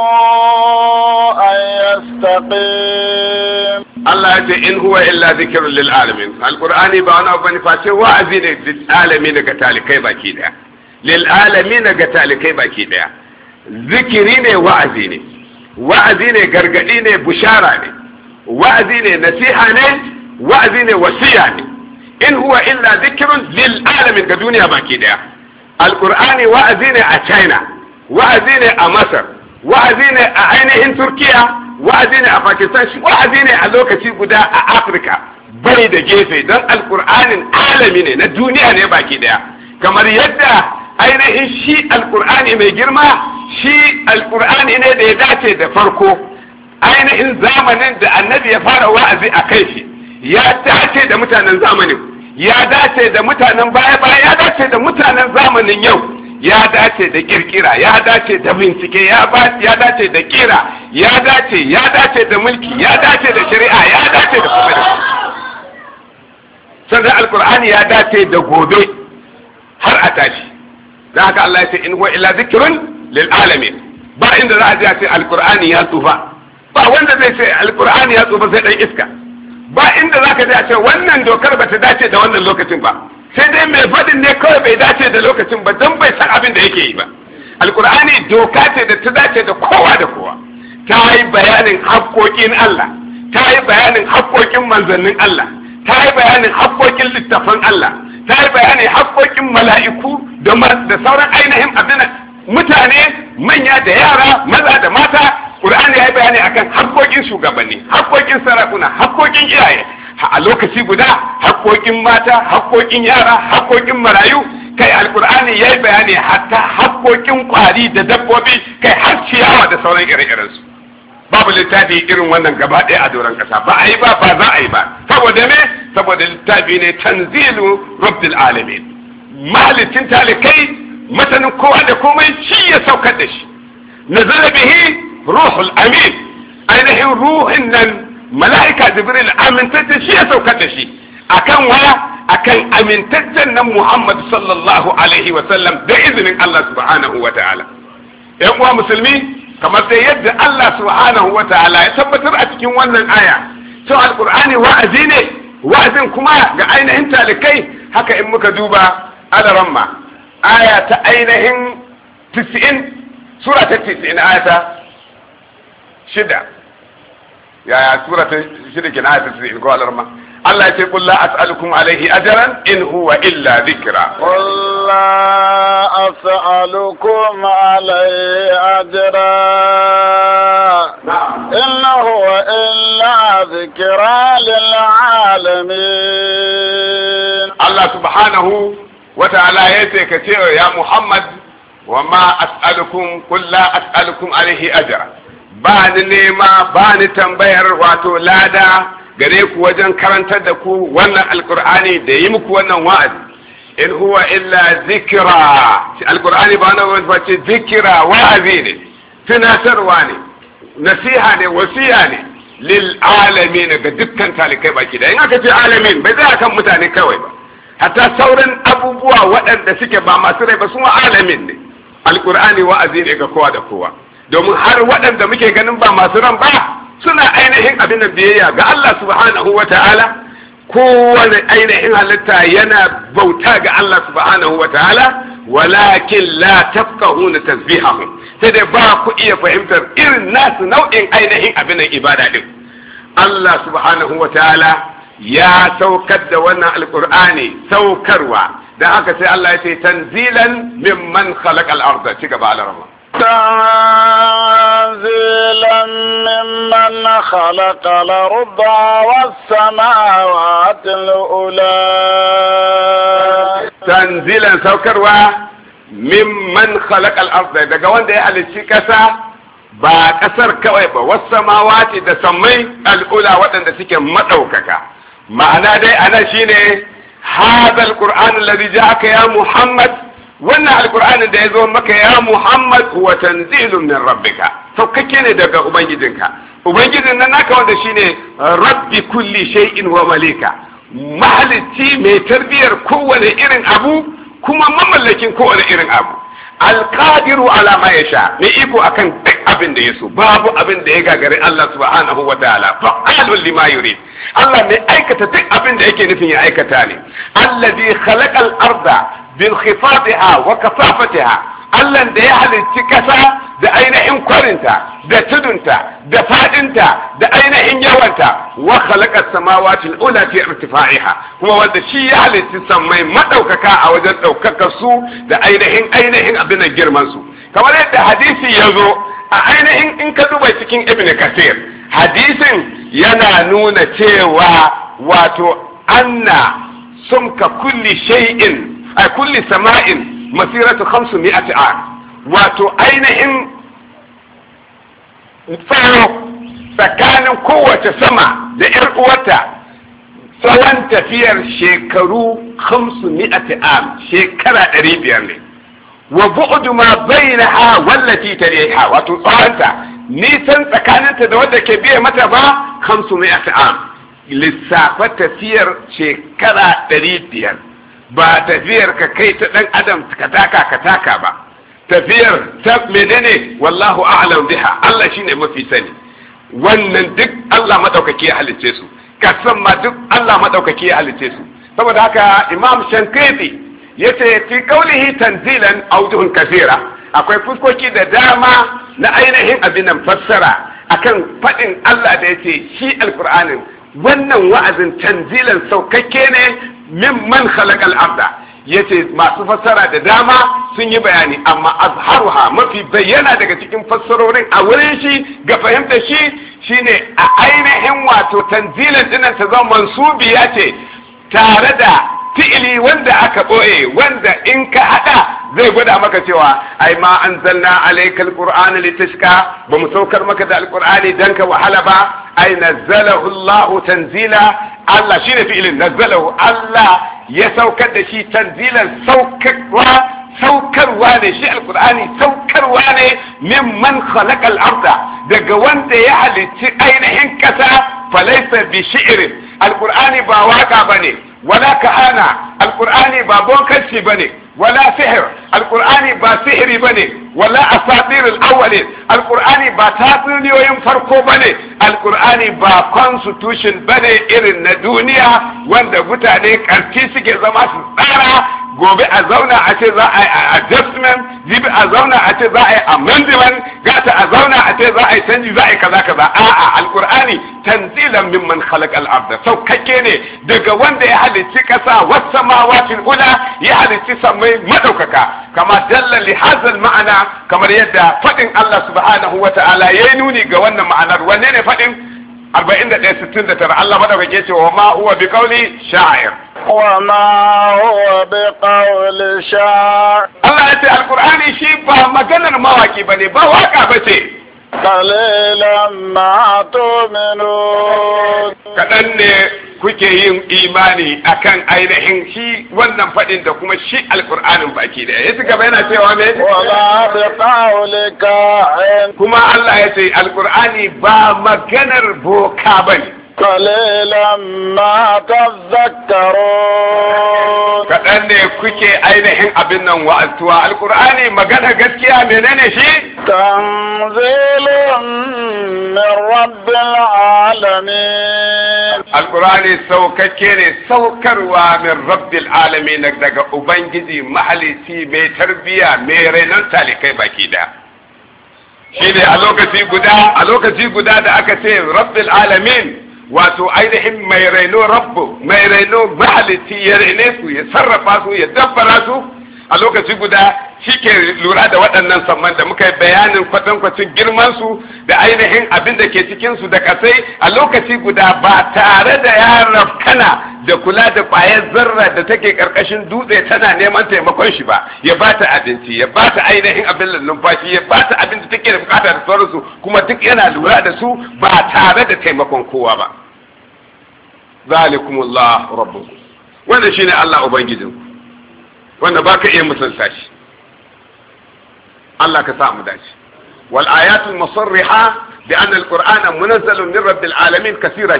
أن يستقيم Allah ya ce in huwa illa zikirun lil alamin alqur'ani ba wani abu bane face wa'azi ne lil daga talikai baki daya lil daga baki zikiri ne wa'azi ne wa'azi ne ne bushara ne wa'azi ne nasiha ne wa'azi ne wasiya ne in huwa illa zikrun lil alamin ga duniya baki daya alqur'ani wa'azi ne a china wa'azi ne a masar wa'azi ne a ainihin turkiya wa'azi ne a pakistan wa'azi ne a lokaci guda a afirka bai da gefe don alkur'anin alami ne na duniya ne baki daya kamar yadda ainihin shi alkur'ani mai girma shi alkur'ani ne da ya dace da farko ainihin zamanin da annabi ya fara wa'azi a kai shi ya dace da mutanen zamanin ya dace da mutanen baya baya ya dace da mutanen zamanin yau ya dace da kirkira ya dace da bincike ya ya dace da kira ya dace ya dace da mulki ya dace da shari'a ya dace da kuma da sannan alkur'ani ya dace da gobe har a tashi da haka Allah ya ce in huwa illa zikrun lil alamin ba inda za a je a ce alkur'ani ya tsufa ba wanda zai ce alkur'ani ya tsufa sai dan iska ba inda zaka ka a ce wannan dokar ba ta dace da wannan lokacin ba sai dai mai faɗin ne kawai bai dace da lokacin ba don bai san abin da yake yi ba alkur'ani doka ce da ta dace da kowa da kowa ta yi bayanin haƙoƙin Allah ta yi bayanin haƙoƙin manzannin Allah ta yi bayanin haƙoƙin littafan Allah ta yi bayanin haƙoƙin mala'iku da sauran ainihin abin mutane manya da yara maza da mata Qur'ani ya yi bayani akan hakkokin shugabanni hakkokin sarakuna hakkokin iyaye a lokaci guda hakkokin mata hakkokin yara hakkokin marayu kai alkur'ani ya yi bayani hatta hakkokin kwari da dabbobi kai har ciyawa da sauran ire-irensu babu littafi irin wannan gaba ɗaya a doron ƙasa ba a yi ba ba za a yi ba saboda me saboda littafi ne tanzilu rabbil alamin mahalicin talikai masanin kowa da komai shi ya saukar da shi nazara bihi ruhul amin ainihin ruhin nan mala'ika jibril amintaccen shi ya saukar da shi akan waya akan amintaccen nan muhammad sallallahu alaihi sallam da izinin allah subhanahu wa ta'ala yan uwa musulmi kamar dai yadda allah subhanahu wa ta'ala ya tabbatar a cikin wannan aya cewa alkur'ani wa'azi ne wa'azin kuma ga ainihin talikai haka in muka duba alaramma aya ta ainihin sura ta 90 شدة يا يا سورة شركة آية تسريح قال رما الله يقول لا أسألكم عليه أجرا إن هو إلا ذكرى قل لا أسألكم عليه أجرا نعم. إن هو إلا ذكرى للعالمين الله سبحانه وتعالى يأتي كثير يا محمد وما أسألكم قل لا أسألكم عليه أجرا ba ni nema ba ni tambayar wato lada gare ku wajen karantar da ku wannan alkur'ani da yi muku wannan wa'azi in huwa illa zikira alkur'ani ba na wani zikira wa'azi ne tunatarwa ne nasiha ne wasiya ne lil alamin ga dukkan talikai baki da in aka ce alamin bai zai kan mutane kawai ba hatta sauran abubuwa waɗanda suke ba masu rai ba su alamin ne alkur'ani wa'azi ne ga kowa da kowa domin har waɗanda muke ganin ba masu ran ba suna ainihin abin da biyayya ga Allah subhanahu wa ta'ala kowane ainihin halitta yana bauta ga Allah subhanahu wa ta'ala walakin la tafqahuna tasbihahu sai dai ba ku iya fahimtar irin nasu nau'in ainihin abin ibada din Allah subhanahu wa ta'ala ya saukar da wannan alkur'ani saukarwa da haka sai Allah ya ce tanzilan mimman khalaqal arda cigaba ci gaba تنزيلا ممن خلق الارض والسماوات الاولى تنزيلا سوكر وممن خلق الارض ده وين ده على الشيكاسا با كسر كوي والسماوات ده سمي الاولى وين ده سيكي مدوككا معنى ده انا شيني هذا القرآن الذي جاءك يا محمد wannan alkur'anin da ya zo maka ya muhammad wa tanzilun min rabbika saukakke ne daga ubangijinka ubangijin nan naka wanda shine rabbi kulli shay'in wa malika mahalicci mai tarbiyar kowane irin abu kuma mamallakin kowane irin abu alqadiru ala ma yasha mai iko akan duk abin da yaso babu abin da ya gagari Allah subhanahu wa ta'ala fa'alul lima yurid Allah mai aikata duk abin da yake nufin ya aikata ne allazi khalaqal arda bin wa kasafatiha Allah da ya halicci kasa da ainihin kwarinta da tudunta da fadinta da ainihin yawanta wa khalaqa samawati al-ula fi irtifa'iha kuma wanda shi ya halicci sammai madaukaka a wajen daukakar su da ainihin ainihin abin girman su kamar yadda hadisi yazo a ainihin in ka duba cikin ibn kasir hadisin yana nuna cewa wato anna sumka kulli shay'in a kulli sama'in masiratu 500 am wato ainihin tsaro tsakanin kowace sama da yar uwata tsawon tafiyar shekaru 500 am shekara 500 ne wa bu'du ma bainaha wallati tariha wato tsawonta nisan tsakaninta da wadda ke biye mata ba 500 am lissafa tafiyar shekara 500 ba tafiyar ka kai ta dan adam ka taka ka taka ba tafiyar ta menene wallahu a'lam biha Allah shine mafi sani wannan duk Allah madaukake ya halice su kasan ma duk Allah madaukake ya halice su saboda haka Imam Shankiti yace fi qawlihi tanzilan awjuhun kaseera akwai fuskoki da dama na ainihin abin fassara akan faɗin Allah da yace shi alqur'anin wannan wa'azin tanzilan saukakke ne min man khalaqal abda yace masu fassara da dama sun yi bayani amma azharuha mafi bayyana daga cikin fassarorin a wurin shi ga fahimtar shi shine a ainihin wato tanzilan dinnan ta zama mansubiya ce tare da fi'ili wanda aka boye wanda in ka hada zai gwada maka cewa ai ma anzalna alayka alquran litashka ba mu saukar maka da alqur'ani dan ka wahala ba ai nazzalahu Allah tanzila Allah shine fi'ilin nazzalahu Allah ya saukar da shi tanzilan saukarwa saukarwa ne shi alkur'ani saukarwa ne mimman man khalaqal arda daga wanda ya halicci ainihin kasa falaysa bi shi'rin alqurani ba waka bane ولا كهانة القرآن بابون كشي بني ولا سحر القرآن با سحري بني ولا أساطير الأول القرآن با تاطير ليوين فرقو بني القرآن با كونستوشن بني إرن الدنيا وان دا بتاني كالكيسي كي زمان سنطارة gobe a zauna a ce za a yi adjustment jibi a zauna a ce za a yi amendment gata a zauna a ce za a yi canji za a yi kaza kaza a a alqur'ani tanzilan mimman khalaqal arda saukake ne daga wanda ya halicci kasa was samawati ula ya halicci samai madaukaka kama dalla li hazal ma'ana kamar yadda fadin Allah subhanahu wa ta'ala yayi nuni ga wannan ma'anar wanne ne fadin 41-69 Allah madaukake ce wa ma huwa bi kauli sha'ir wa ma huwa bi kauli sha'ir Allah ya ce alkur'ani shi ba maganar mawaki bane ba waka bace قليلا ما تؤمنون kaɗan ne kuke yin imani akan ainihin shi wannan faɗin da kuma shi alkur'anin baki da ya gaba yana cewa me wala bi qawlika kuma Allah ya ce alƙur'ani ba maganar boka bane قليلا ما تذكرون كأن كوكي أين حين أبنا وأتوا القرآن مقال هكذا من أين شيء تنزيل من رب العالمين القرآن سو كيري سو كروا من رب العالمين نقدر أبين جدي محلي سي مي تربية مي رينان تالي shine a lokaci guda a lokaci guda da aka ce wato ainihin mai raino rabbu mai raino mahalici ya raine su ya sarrafa su ya dabbara su a lokaci guda shi ke lura da waɗannan samman da muka yi bayanin kwatankwacin girmansu da ainihin abin da ke cikinsu da kasai a lokaci guda ba tare da ya rafkana da kula da ƙwayar zarra da take ƙarƙashin dutse tana neman taimakon shi ba ya ba ta abinci ya ba ta ainihin abin da numfashi ya ba ta abin da take da bukata da sauransu kuma duk yana lura da su ba tare da taimakon kowa ba zalikumullah rabbu wannan shine Allah ubangijinku wanda baka iya mutunta shi Allah ka sa mu dace wal ayatul musarriha bi anna alqur'ana munazzalun min rabbil alamin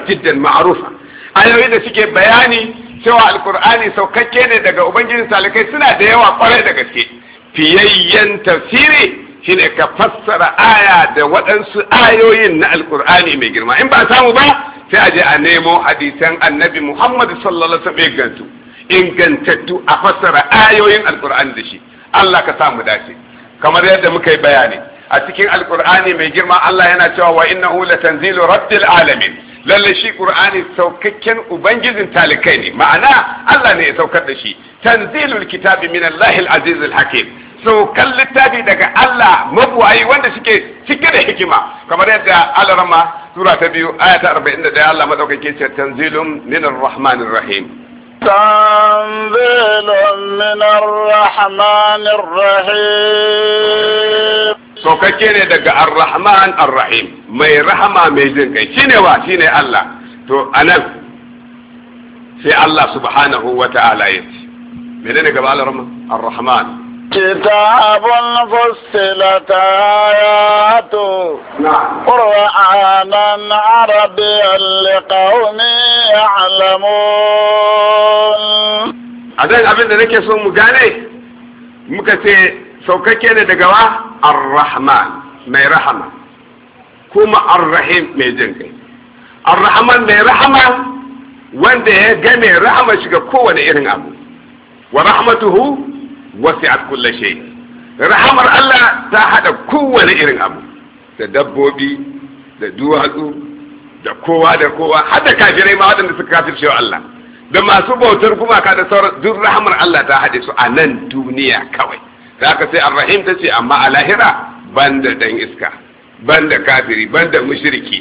jiddan ma'rufa ayoyin da suke bayani cewa alqur'ani saukakke ne daga ubangijin salikai suna da yawa kwarai da gaske fiyayyen tafsiri shine ka fassara aya da waɗansu ayoyin na alkur'ani mai girma in ba samu ba sai a je a nemo hadisan annabi muhammad sallallahu alaihi wasallam ingantattu a fassara ayoyin alkur'ani da shi allah ka samu dace kamar yadda muka yi bayani a cikin alkur'ani mai girma Allah yana cewa wa innahu latanzilu rabbil alamin lalle shi qur'ani saukakken ubangijin talikai ne ma'ana Allah ne ya saukar da shi tanzilul kitabi min Allahil azizil hakim saukan littafi daga Allah mabuwayi wanda suke cike da hikima kamar yadda alarama sura ta biyu aya ta 41 Allah madaukake ce tanzilun minar rahmanir rahim تنزيل من الرحمن الرحيم saukakke ne daga ar-rahman ar-rahim mai rahama mai jin kai shine wa shine Allah to anan sai Allah subhanahu wa ta'ala yace menene gaba al-rahman ar-rahman كتاب فصلت آياته قرآنا عربيا لقوم يعلمون أدل أبن ذلك يسوم مجالي مكتي سوككي لدقوا الرحمن ما رحمة كما الرحيم ما جنكي الرحمن ما رحمة وانده جميع رحمة شكا كوانا إرن أبو ورحمته wasi'at kulli shay rahamar Allah ta hada kowane irin abu da dabbobi da duwatsu da kowa da kowa har da kafirai ma waɗanda suka kafirce Allah da masu bautar gumaka da sauran duk rahamar Allah ta hade su a nan duniya kawai da aka sai arrahim ta ce amma a lahira da dan iska banda kafiri da mushriki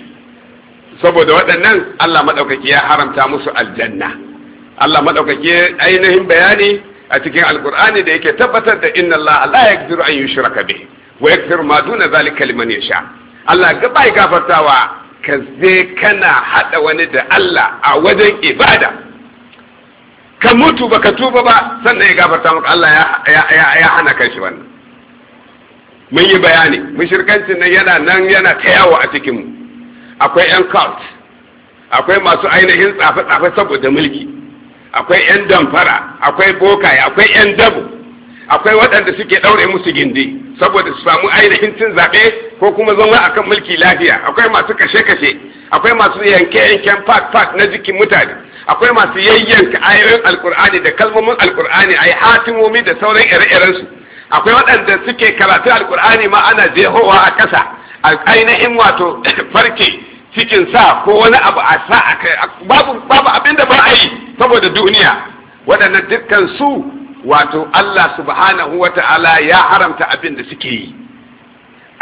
saboda waɗannan Allah maɗaukaki ya haramta musu aljanna Allah madaukaki ainihin bayani a cikin alkur'ani da yake tabbatar da inna Allah la yaghfiru an yushraka bihi wa yaghfiru ma duna zalika liman yasha Allah ga bai gafartawa ka je kana hada wani da Allah a wajen ibada ka mutu baka tuba ba sannan ya gafarta maka Allah ya ya hana shi wannan mun yi bayani mushrikancin nan yana nan yana ta yawo a cikin mu akwai yan cult akwai masu ainihin tsafe-tsafe saboda mulki akwai 'yan damfara akwai bokaye akwai 'yan dabu akwai waɗanda suke ɗaure musu gindi saboda su samu ainihin cin zaɓe ko kuma zama akan mulki lafiya akwai masu kashe-kashe akwai masu yanke-yanken fat-fat na jikin mutane akwai masu yayyanka ayoyin alkur'ani da kalmomin alkur'ani a yi hatimomi da sauran ire-irensu akwai waɗanda suke karatu alkur'ani ma ana jehowa a ƙasa a ainihin wato (coughs) farke cikin sa ko wani abu a sa a kai babu babu abinda ba a yi saboda duniya waɗannan dukkan su wato Allah subhanahu wata'ala ya haramta abin da suke yi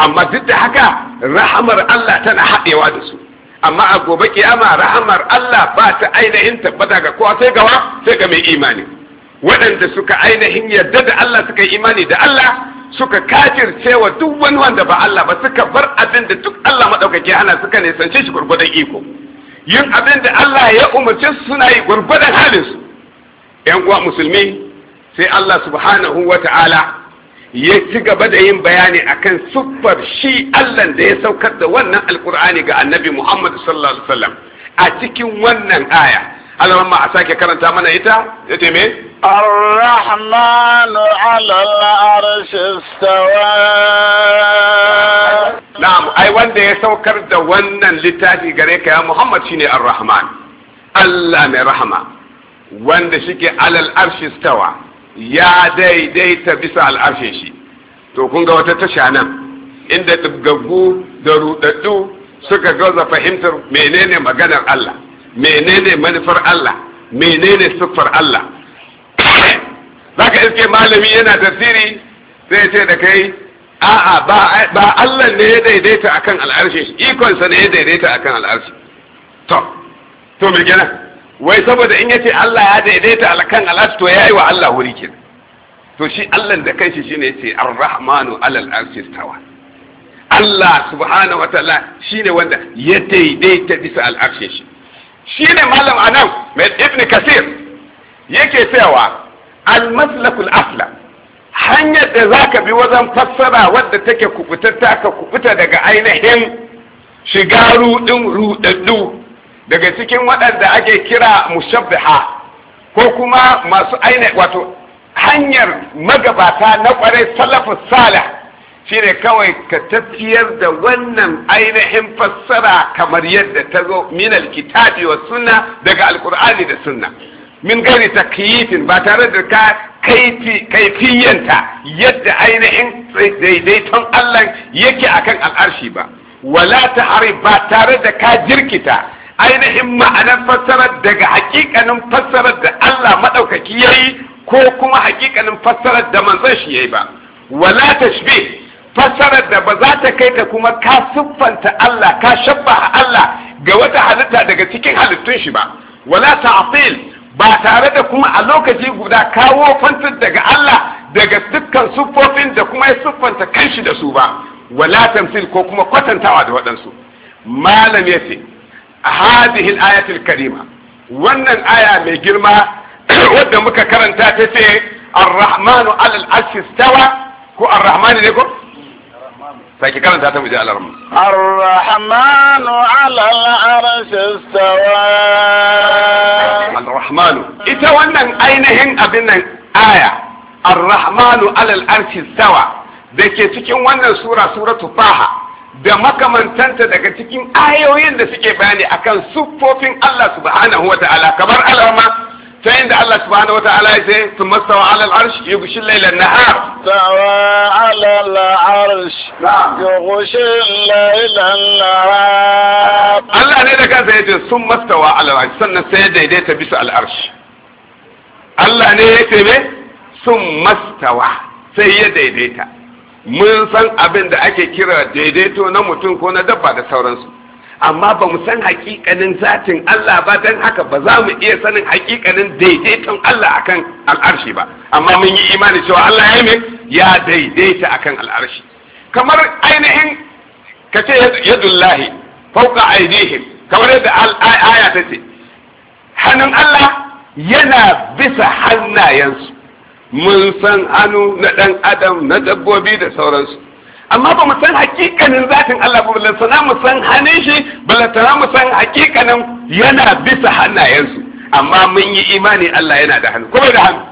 amma duk da haka rahamar Allah tana haɗewa da su amma a gobe kiyama rahamar Allah ba ta ainihin tabbata ga kowa sai gawa sai ga mai imani waɗanda suka ainihin yarda da Allah suka yi imani da Allah suka kajircewa duk wani wanda ba Allah ba suka bar abin da duk Allah maɗaukaki ana suka nisance shi gurgudan iko yin abin da Allah ya umarce su suna yi gurgudan halin su yan uwa musulmi sai Allah subhanahu ta'ala, ya ci gaba da yin bayani akan siffar shi Allah da ya saukar da wannan alkur'ani ga annabi Muhammad sallallahu alaihi wasallam a cikin wannan aya Alamar ma a sake karanta mana ita ya ce me arrahmanu alal stawa na'am ai wanda ya saukar da wannan littafi gare ka ya muhammad shine arrahman allah mai rahama wanda shike alal arshi stawa ya daidaita bisa al'arshen shi to kun ga wata tasha nan inda gabu da ruɗaɗɗu suka gaza fahimtar menene maganar allah menene manufar Allah menene siffar Allah (coughs) Za ka iske malami yana tafsiri sai ce da kai a'a ba Allah ne ya daidaita akan al'arshi ikonsa ne ya daidaita akan al'arshe. to to me gina wai saboda in yace Allah ya daidaita akan al'arshe to ya yi wa Allah wuri kenan to shi Allah da kanshi shine yace ar-rahmanu alal arshi tawa Allah subhanahu wa ta'ala ne wanda ya daidaita bisa al'arshin shi Shi ne malam nan mai ibn kasir yake cewa almaslakul asla hanyar da za ka bi wajen fassara wadda take ta ka kubuta daga ainihin shiga rudin rudaddu daga cikin waɗanda ake kira mushabbiha ko kuma masu ainihin wato hanyar magabata na ƙwarai salafus salih shine kawai ka tafiyar da wannan ainihin fassara kamar yadda ta zo min alkitabi wa sunna daga alkur'ani da sunna min gari takyifin ba tare da ka kaifiyanta yadda ainihin daidaiton Allah yake akan al'arshi ba wala ta'arif ba tare da ka jirkita ainihin ma'anar fassara daga hakikanin fassarar da Allah ya yayi ko kuma hakikanin fassarar da manzon shi yayi ba wala ta tashbih fassarar da ba za ta kai ta kuma ka siffanta Allah ka a Allah ga wata halitta daga cikin halittun shi ba wala ta'til ba tare da kuma a lokaci guda kawo fantar daga Allah daga dukkan siffofin da kuma ya siffanta kanshi da su ba wala tamsil ko kuma kwatantawa da waɗansu malam ya ce hadhihi al karima wannan aya mai girma (clears throat) wadda muka karanta ta ce ar-rahmanu alal arshi stawa ko ar rahmanu ne ko sake karanta ta muje alarmu ar-rahmanu ala al-arshi istawa ar ita wannan ainihin abin nan aya ar-rahmanu ala al-arshi istawa da ke cikin wannan sura suratu faha da makamantanta daga cikin ayoyin da suke bayani akan siffofin Allah subhanahu wa ta'ala kamar ta inda Allah subhanahu wataala ya ce tun mastawa alal arsh yughshi al-layla an-nahar tawa alal arsh yughshi al-layla an-nahar Allah ne da kansa yace sun mastawa alal arsh sannan sai ya daidaita bisa al-arsh Allah ne ya yace me sun mastawa sai ya daidaita mun san abin da ake kira daidaito na mutum ko na dabba da sauransu amma ba mu san hakikanin zatin Allah ba don haka ba za mu iya sanin hakikanin daidaiton Allah akan al'arshi ba amma mun yi imani cewa Allah ya ya daidaita akan al'arshi kamar ainihin ka ce yadullahi fauka aidihim kamar yadda aya ta ce hannun Allah yana bisa hannayensu mun san hannu na ɗan adam na dabbobi da sauransu amma ba mu san hakikanin zatin Allah ba balantana mu san hannun shi balantana mu san hakikanin yana bisa hannayensu amma mun yi imani Allah yana da hannu kuma da hannu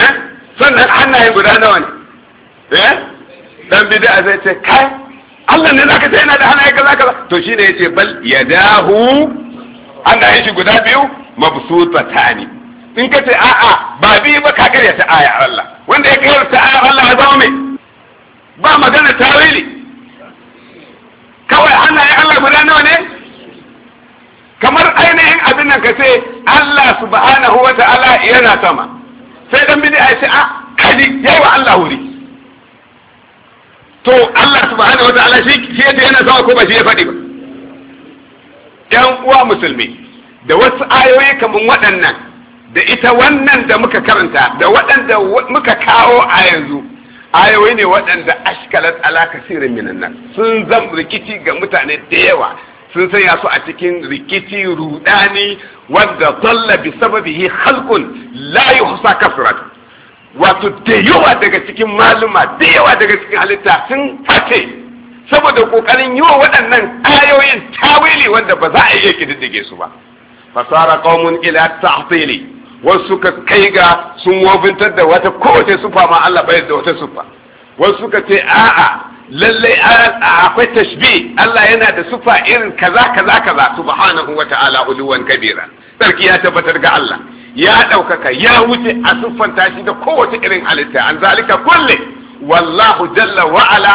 eh sannan hannayen guda nawa ne eh dan bid'a zai ce kai Allah ne zaka ce yana da hannaye kaza kaza to shine yace bal yadahu hannayen shi guda biyu mabsutatani in ka ce a'a ba bi ba ka ta ayar Allah wanda ya karyata ayar Allah ya zama mai ba magana tawili kawai ana yi Allah guda nawa ne kamar ainihin abin nan ka ce Allah subhanahu wa ta'ala yana sama sai dan bidi a ce a ah, kadi yayi wa Allah wuri to Allah subhanahu wa ta'ala shi shi yana sama ko ba shi ya faɗi ba yan uwa musulmi da wasu ayoyi kamar waɗannan da ita wannan da muka karanta da waɗanda muka kawo a yanzu ayoyi ne waɗanda ashkalat ala kasirin minan nan sun zam rikici ga mutane da yawa sun sanya su a cikin rikici rudani wanda dalla bi sababihi khalqun la yuhsa kasrat wato da yawa daga cikin maluma da yawa daga cikin halitta sun face saboda kokarin yi wa waɗannan ayoyin tawili wanda ba za a iya kididdige su ba fasara qaumun ila ta'tili wasu suka kai ga sun wofintar da wata kowace sufa ma Allah bai da wata sufa wasu suka ce a'a lallai akwai tashbi Allah yana da sufa irin kaza kaza kaza subhanahu wa ta'ala uluwan kabira sarki ya tabbatar ga Allah ya ɗaukaka ya wuce a sufan tashi da kowace irin halitta an zalika kulle wallahu jalla wa'ala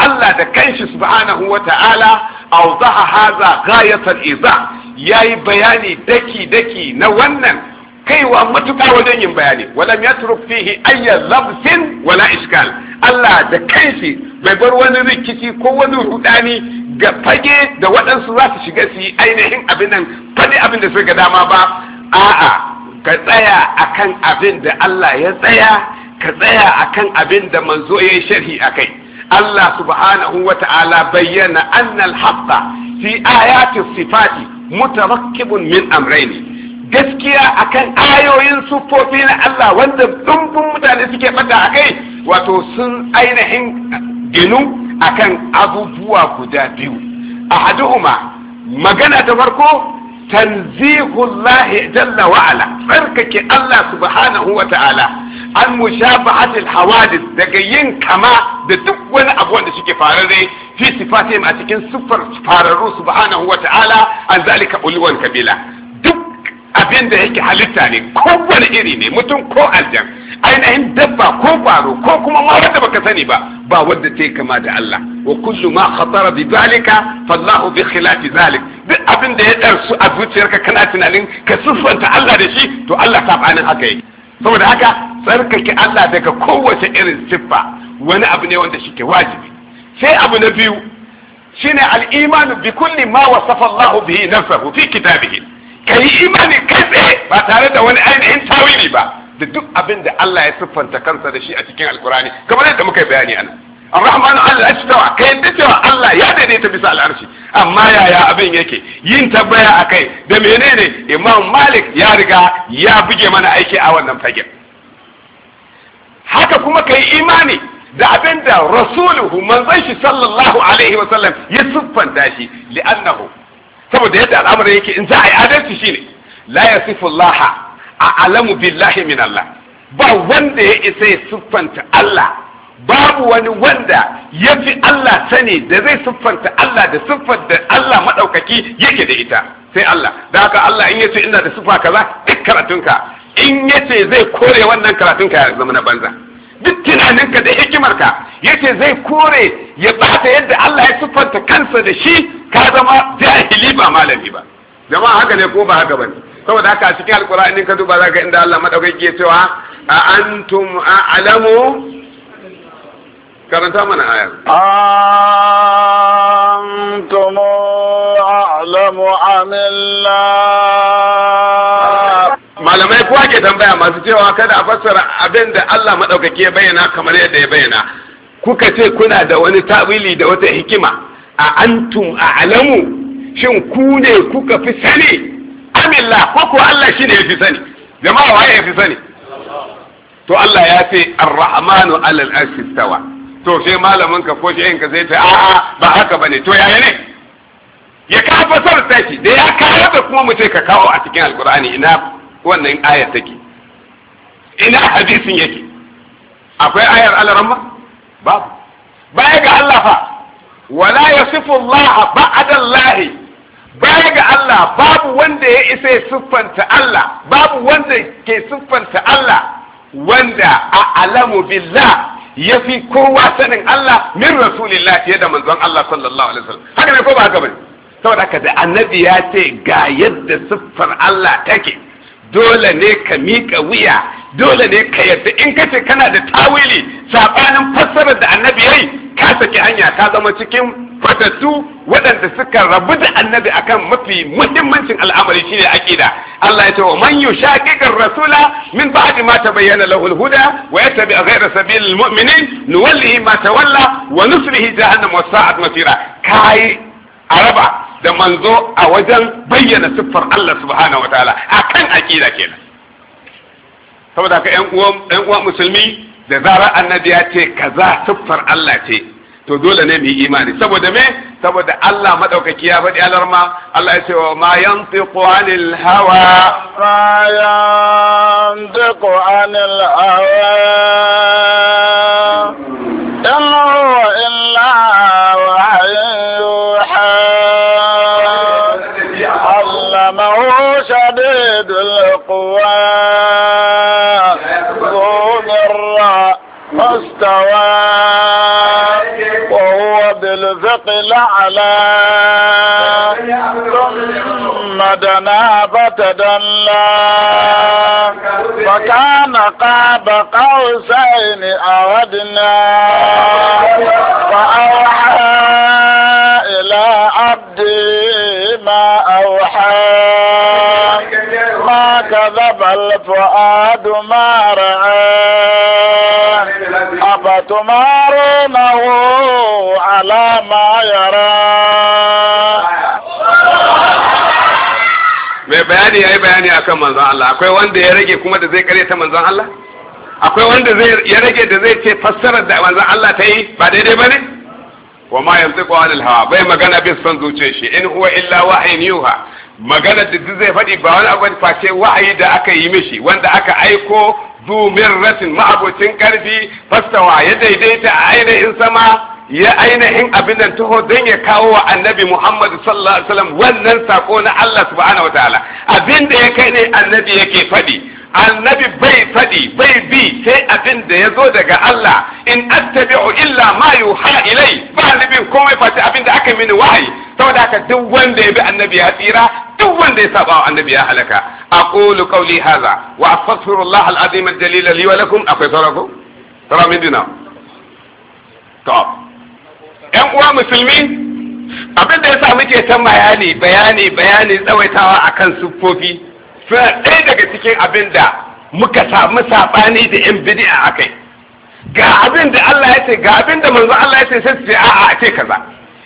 Allah da kanshi subhanahu wa ta'ala awdaha hadha ghayatul izah yayi bayani daki daki na wannan kaiwa matuƙa wajen yin bayani walam yatruk fihi ayya lafsin wala iskal Allah da kanshi bai bar wani rikici ko wani rudani ga fage da waɗansu za su shiga su yi ainihin abin nan fadi abin da suka dama ba a'a ka tsaya akan abin da Allah ya tsaya ka tsaya akan abin da manzo ya sharhi akai Allah subhanahu wa ta'ala bayyana annal haqqa fi ayati sifati mutarakkibun min amrayni gaskiya akan ayoyin sufofi na Allah wanda dumbin mutane suke bada a kai wato sun ainihin ginu akan abubuwa guda biyu ahaduhuma magana ta farko tanzihullahi jalla wa ala tsarkake Allah subhanahu wa ta'ala an mushabahatil hawadith daga yin kama da duk wani abu wanda suke fararre fi sifatihim a cikin siffar fararru subhanahu wa ta'ala an zalika ulwan kabila abin da yake halitta ne kowane iri ne mutum ko aljan ainihin dabba ko kwaro ko kuma ma wanda baka sani ba ba wanda ta kama da Allah wa kullu ma khatara bi fallahu bi khilafi zalik duk abin da ya darsu a zuciyarka kana tunanin ka sufanta Allah da shi to Allah sabanin haka yake saboda haka tsarkake Allah daga kowace irin siffa wani abu ne wanda shike wajibi sai abu na biyu shine al-imanu bi kulli ma wasafa Allah bihi nafsahu fi kitabihi ka yi imani kai tsaye ba tare da wani ainihin tawili ba da duk abin da Allah ya siffanta kansa da shi a cikin alkurani kamar yadda muka yi bayani ana ar-rahmanu Allah ya tawa ka yadda cewa Allah ya daidaita bisa al'arshi amma yaya abin yake yin tabbaya akai da menene Imam Malik ya riga ya buge mana aiki a wannan fagen haka kuma ka yi imani da abin da rasuluhu manzon shi sallallahu alaihi wasallam ya siffanta shi li'annahu saboda yadda al'amarin yake in za a yi adalci shine la sifu laha a alamu billahi min Allah ba wanda ya isa ya siffanta Allah babu wani wanda ya fi Allah sani da zai siffanta Allah da siffar da Allah maɗaukaki yake da ita sai Allah da haka Allah in yace ina da siffa kaza duk karatunka in yace zai kore wannan karatunka ya zama na banza duk tunaninka da hikimarka yace zai kore ya bata yadda Allah ya siffanta kansa da shi ka zama jahili ba malami ba zama haka ne ko ba haka bane saboda haka a cikin alkur'ani ka duba zaka inda Allah madaukaki ya cewa a antum a'lamu karanta mana ayar antum a'lamu amillah malamai kuwa ke tambaya masu cewa kada a fassara abin da Allah maɗaukaki ya bayyana kamar yadda ya bayyana kuka ce kuna da wani tawili da wata hikima a antum a alamu shin ku ne kuka fi sani amilla ko Allah shi ne ya fi sani jama'a waye ya fi sani to Allah ya ce ar-rahmanu alal arshi stawa to sai malamin ka ko shi ka zai ce a ba haka bane to yaya ne ya kafa sarta shi da ya kawo da kuma mu ce ka kawo a cikin alqur'ani ina wannan ayar take ina hadisin yake akwai ayar alaramma babu baya ga Allah fa wala yasifu Allah ba'da Allah baya ga Allah babu wanda ya isa siffanta Allah babu wanda ke siffanta Allah wanda a alamu billah ya fi kowa sanin Allah min rasulillah fiye da manzon Allah sallallahu alaihi wasallam haka ne ko ba haka bane saboda haka da annabi ya ce ga yadda siffar Allah take dole ne ka mika wuya dole ne ka yadda in ka ce kana da tawili sabanin fassarar da annabi yayi ka saki hanya ka zama cikin fatattu waɗanda suka rabu da annabi akan mafi muhimmancin al'amari shine aqida Allah ya ce wa man yushaqiqir rasula min ba'di ma tabayyana lahu al-huda wa yattabi ghayra sabilil mu'minin nuwallihi ma tawalla wa nusrihi jahannam wa sa'at masira kai a raba da manzo a wajen bayyana siffar Allah subhanahu wataala akan aqida kenan saboda ka ƴan uwan ƴan uwan musulmi da zara annabi ya ce kaza siffar Allah ce to dole ne mu yi imani saboda me saboda Allah madaukaki ya faɗi alarma Allah ya ce wa ma yantiqu anil hawa ma yantiqu anil hawa الثقل على ثم دنا فتدلى فكان قاب قوسين أودنا فأوحى إلى عبدي ما أوحى ما كذب الفؤاد ما رأى أفتمارونه على ما mai bayani ya yi bayani a kan manzan Allah akwai wanda ya rage kuma da zai kare ta manzan Allah akwai wanda ya rage da zai ce fassarar da manzan Allah ta yi ba daidai ba ne wa ma yanzu ko anil hawa bai magana bin son zuce shi in huwa illa wahayin yuha magana da zai faɗi ba wani abu face wahayi da aka yi mishi wanda aka aiko zu ratin ma'abocin ƙarfi fastawa ya daidaita a ainihin sama ya ainihin abin nan taho don ya kawo wa annabi Muhammad sallallahu alaihi wasallam wannan sako na Allah subhanahu wataala abin da ya kai ne annabi yake faɗi annabi bai faɗi bai bi sai abin da ya zo daga Allah in attabi'u illa ma yuha ilai ba ni bin komai face abin da aka mini wahayi saboda haka duk wanda ya bi annabi ya tsira duk wanda ya saba wa annabi ya halaka aqulu qawli hadha wa astaghfirullah al-azim al-jalil li wa lakum akwai sarako dina yan uwa musulmi abin da yasa muke can bayani bayani bayani tsawaitawa akan siffofi suna ɗaya daga cikin abin da muka samu saɓani da yan a akai ga abin Allah ya ce ga abin da manzo Allah ya ce sai su a ce kaza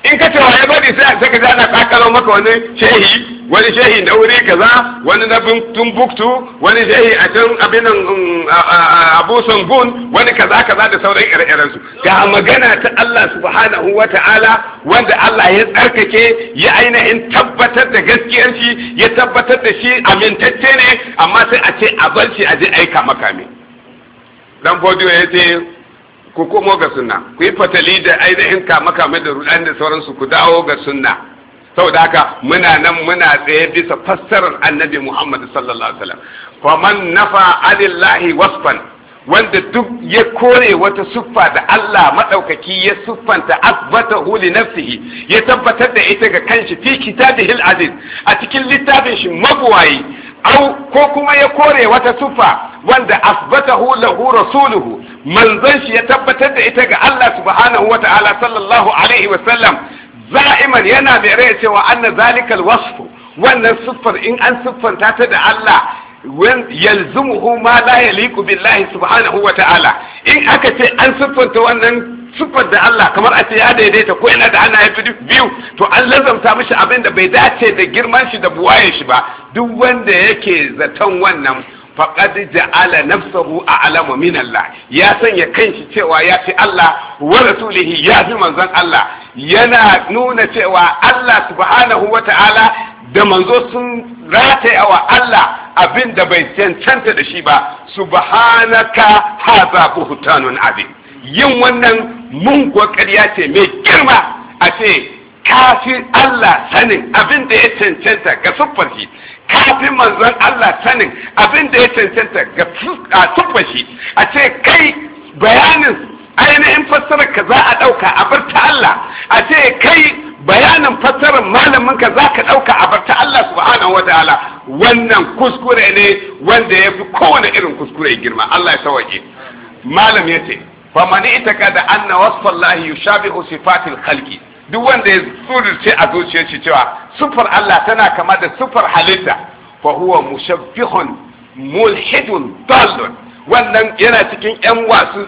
in ka ce wa ya bari sai ka ji ana tsakarar maka wani shehi wani shehi na wuri kaza wani na buktu wani shehi a can abinan um, abu sangun wani kaza kaza da sauran ire-iren su ga magana ta Allah subhanahu wa ta'ala wanda Allah ya tsarkake ya ainihin tabbatar da gaskiyar shi ya tabbatar da shi amintacce ne amma sai a ce a bar shi a je aika makami dan fodiyo ya ce ku komo ga sunna ku yi fatali da ainihin kama kame da rudani da sauransu ku dawo ga sunna saboda haka muna nan muna tsaye bisa fassarar annabi Muhammad sallallahu alaihi wasallam faman nafa alillahi wasfan wanda duk ya kore wata siffa da Allah madaukaki ya siffanta asbatahu li nafsihi ya tabbatar da ita ga kanshi fi kitabihil aziz a cikin littafin shi mabuwayi au ko kuma ya kore wata siffa wanda asbatahu lahu rasuluhu manzon shi ya tabbatar da ita ga Allah subhanahu wata'ala sallallahu alaihi wasallam za'iman yana mai rai cewa anna zalikal wasfu wannan siffar in an siffanta ta da Allah yalzumuhu ma la yaliqu billahi subhanahu wa ta'ala in aka ce an siffanta wannan siffar da Allah kamar a ce ya daidaita ko yana da ana yafi biyu to an lazamta mishi abin da bai dace da girman shi da buwayen shi ba duk wanda yake zaton wannan faqad ja'ala nafsahu a'lamu min Allah ya sanya kanshi cewa ya fi Allah wa rasulihi ya fi manzon Allah yana nuna cewa Allah subhanahu wa ta'ala da manzo sun rataya wa Allah abin da bai cancanta da shi ba subhanaka haza buhutanun abin yin wannan mungo ƙarya ce mai girma a ce kafin Allah sanin abin da ya cancanta ga siffar kafin manzon Allah sanin abin da ya cancanta ga siffar a ce kai bayanin ainihin fassarar ka za a ɗauka a bar ta Allah a ce kai bayanin fassarar malaminka za ka ɗauka a bar ta Allah subhanahu wa ta'ala wannan kuskure ne wanda ya fi kowane irin kuskure girma Allah ya tawage malam ya ce fa mani ita ka da anna wasfallahi yushabihu sifatil khalqi duk wanda ya tsurce a zuciyar shi cewa sufar Allah tana kama da sufar halitta fa huwa mushabbihun mulhidun dallun wannan yana cikin yan wasu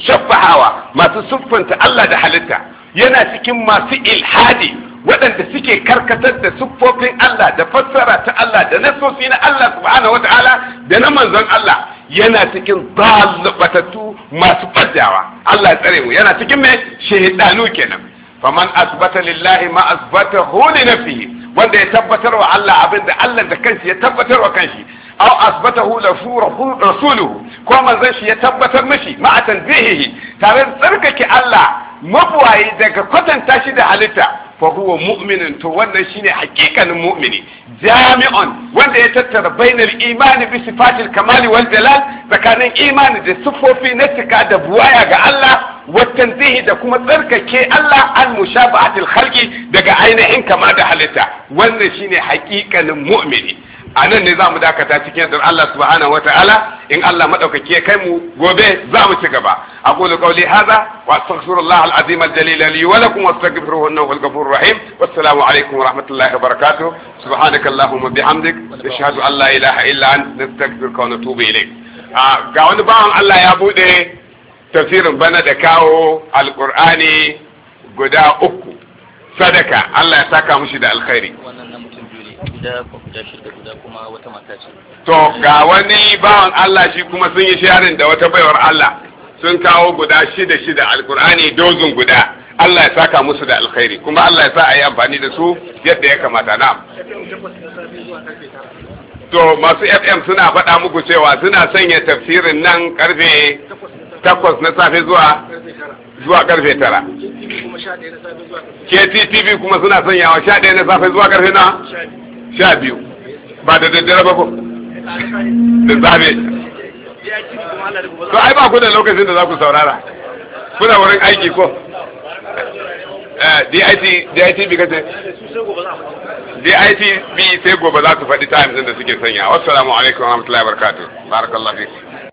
shabbahawa masu siffanta Allah da halitta yana cikin masu ilhadi waɗanda suke karkatar da siffofin Allah da fassara ta Allah da nasosi na Allah subhanahu wata'ala da na manzon Allah yana cikin batattu masu faddawa Allah tsare mu yana cikin mai shaidanu kenan faman asbata lillahi ma asbata hu li wanda ya tabbatar wa Allah abin da Allah da kanshi ya tabbatar wa kanshi aw asbatahu lahu rasuluhu ko manzon shi ya tabbatar mishi ma'a tanzihihi tare da tsarkake Allah mabuwayi daga kwatanta shi da halitta fa huwa mu'minin to wannan shine hakikanin mu'mini jami'un wanda ya tattara bainar imani bi sifatil kamali wal jalal tsakanin imani da siffofi na cika da buwaya ga Allah wa tanzihi da kuma tsarkake Allah al mushabahatil khalqi daga ainihin kama da halitta wannan shine hakikanin mu'mini a nan ne za mu dakata cikin yardar Allah subhanahu wataala in Allah madaukaki ya kai mu gobe za mu ci gaba kula qawli hadha wa astaghfirullah al-azim al-jalil li wa lakum wastaghfiruhu innahu al-ghafurur rahim wassalamu alaikum wa rahmatullahi wa barakatuh subhanaka allahumma bihamdik nashhadu an la ilaha illa anta nastaghfiruka wa natubu ilayk ah, ga wani bawan Allah ya bude tafsirin bana da kawo alqur'ani guda uku sadaka Allah ya saka mushi da alkhairi to ga wani bawan Allah shi kuma sun yi sharin da wata baiwar Allah sun kawo guda shida shida alkur'ani dozin guda Allah ya saka musu da alkhairi kuma Allah ya sa a yi amfani da su yadda ya kamata na to masu fm suna faɗa muku cewa suna sanya tafsirin nan karfe takwas na safe zuwa zuwa karfe tara KTTV kuma suna sanyawa sha ɗaya na safe zuwa karfe na sha biyu ba da daddare ba ko da zabe to ai ba ku da lokacin da za ku saurara kuna wurin aiki ko bi eh, kace bi sai gobe za su faɗi times da suke sanya assalamu alaikum wa barakatuh barakallahu fiik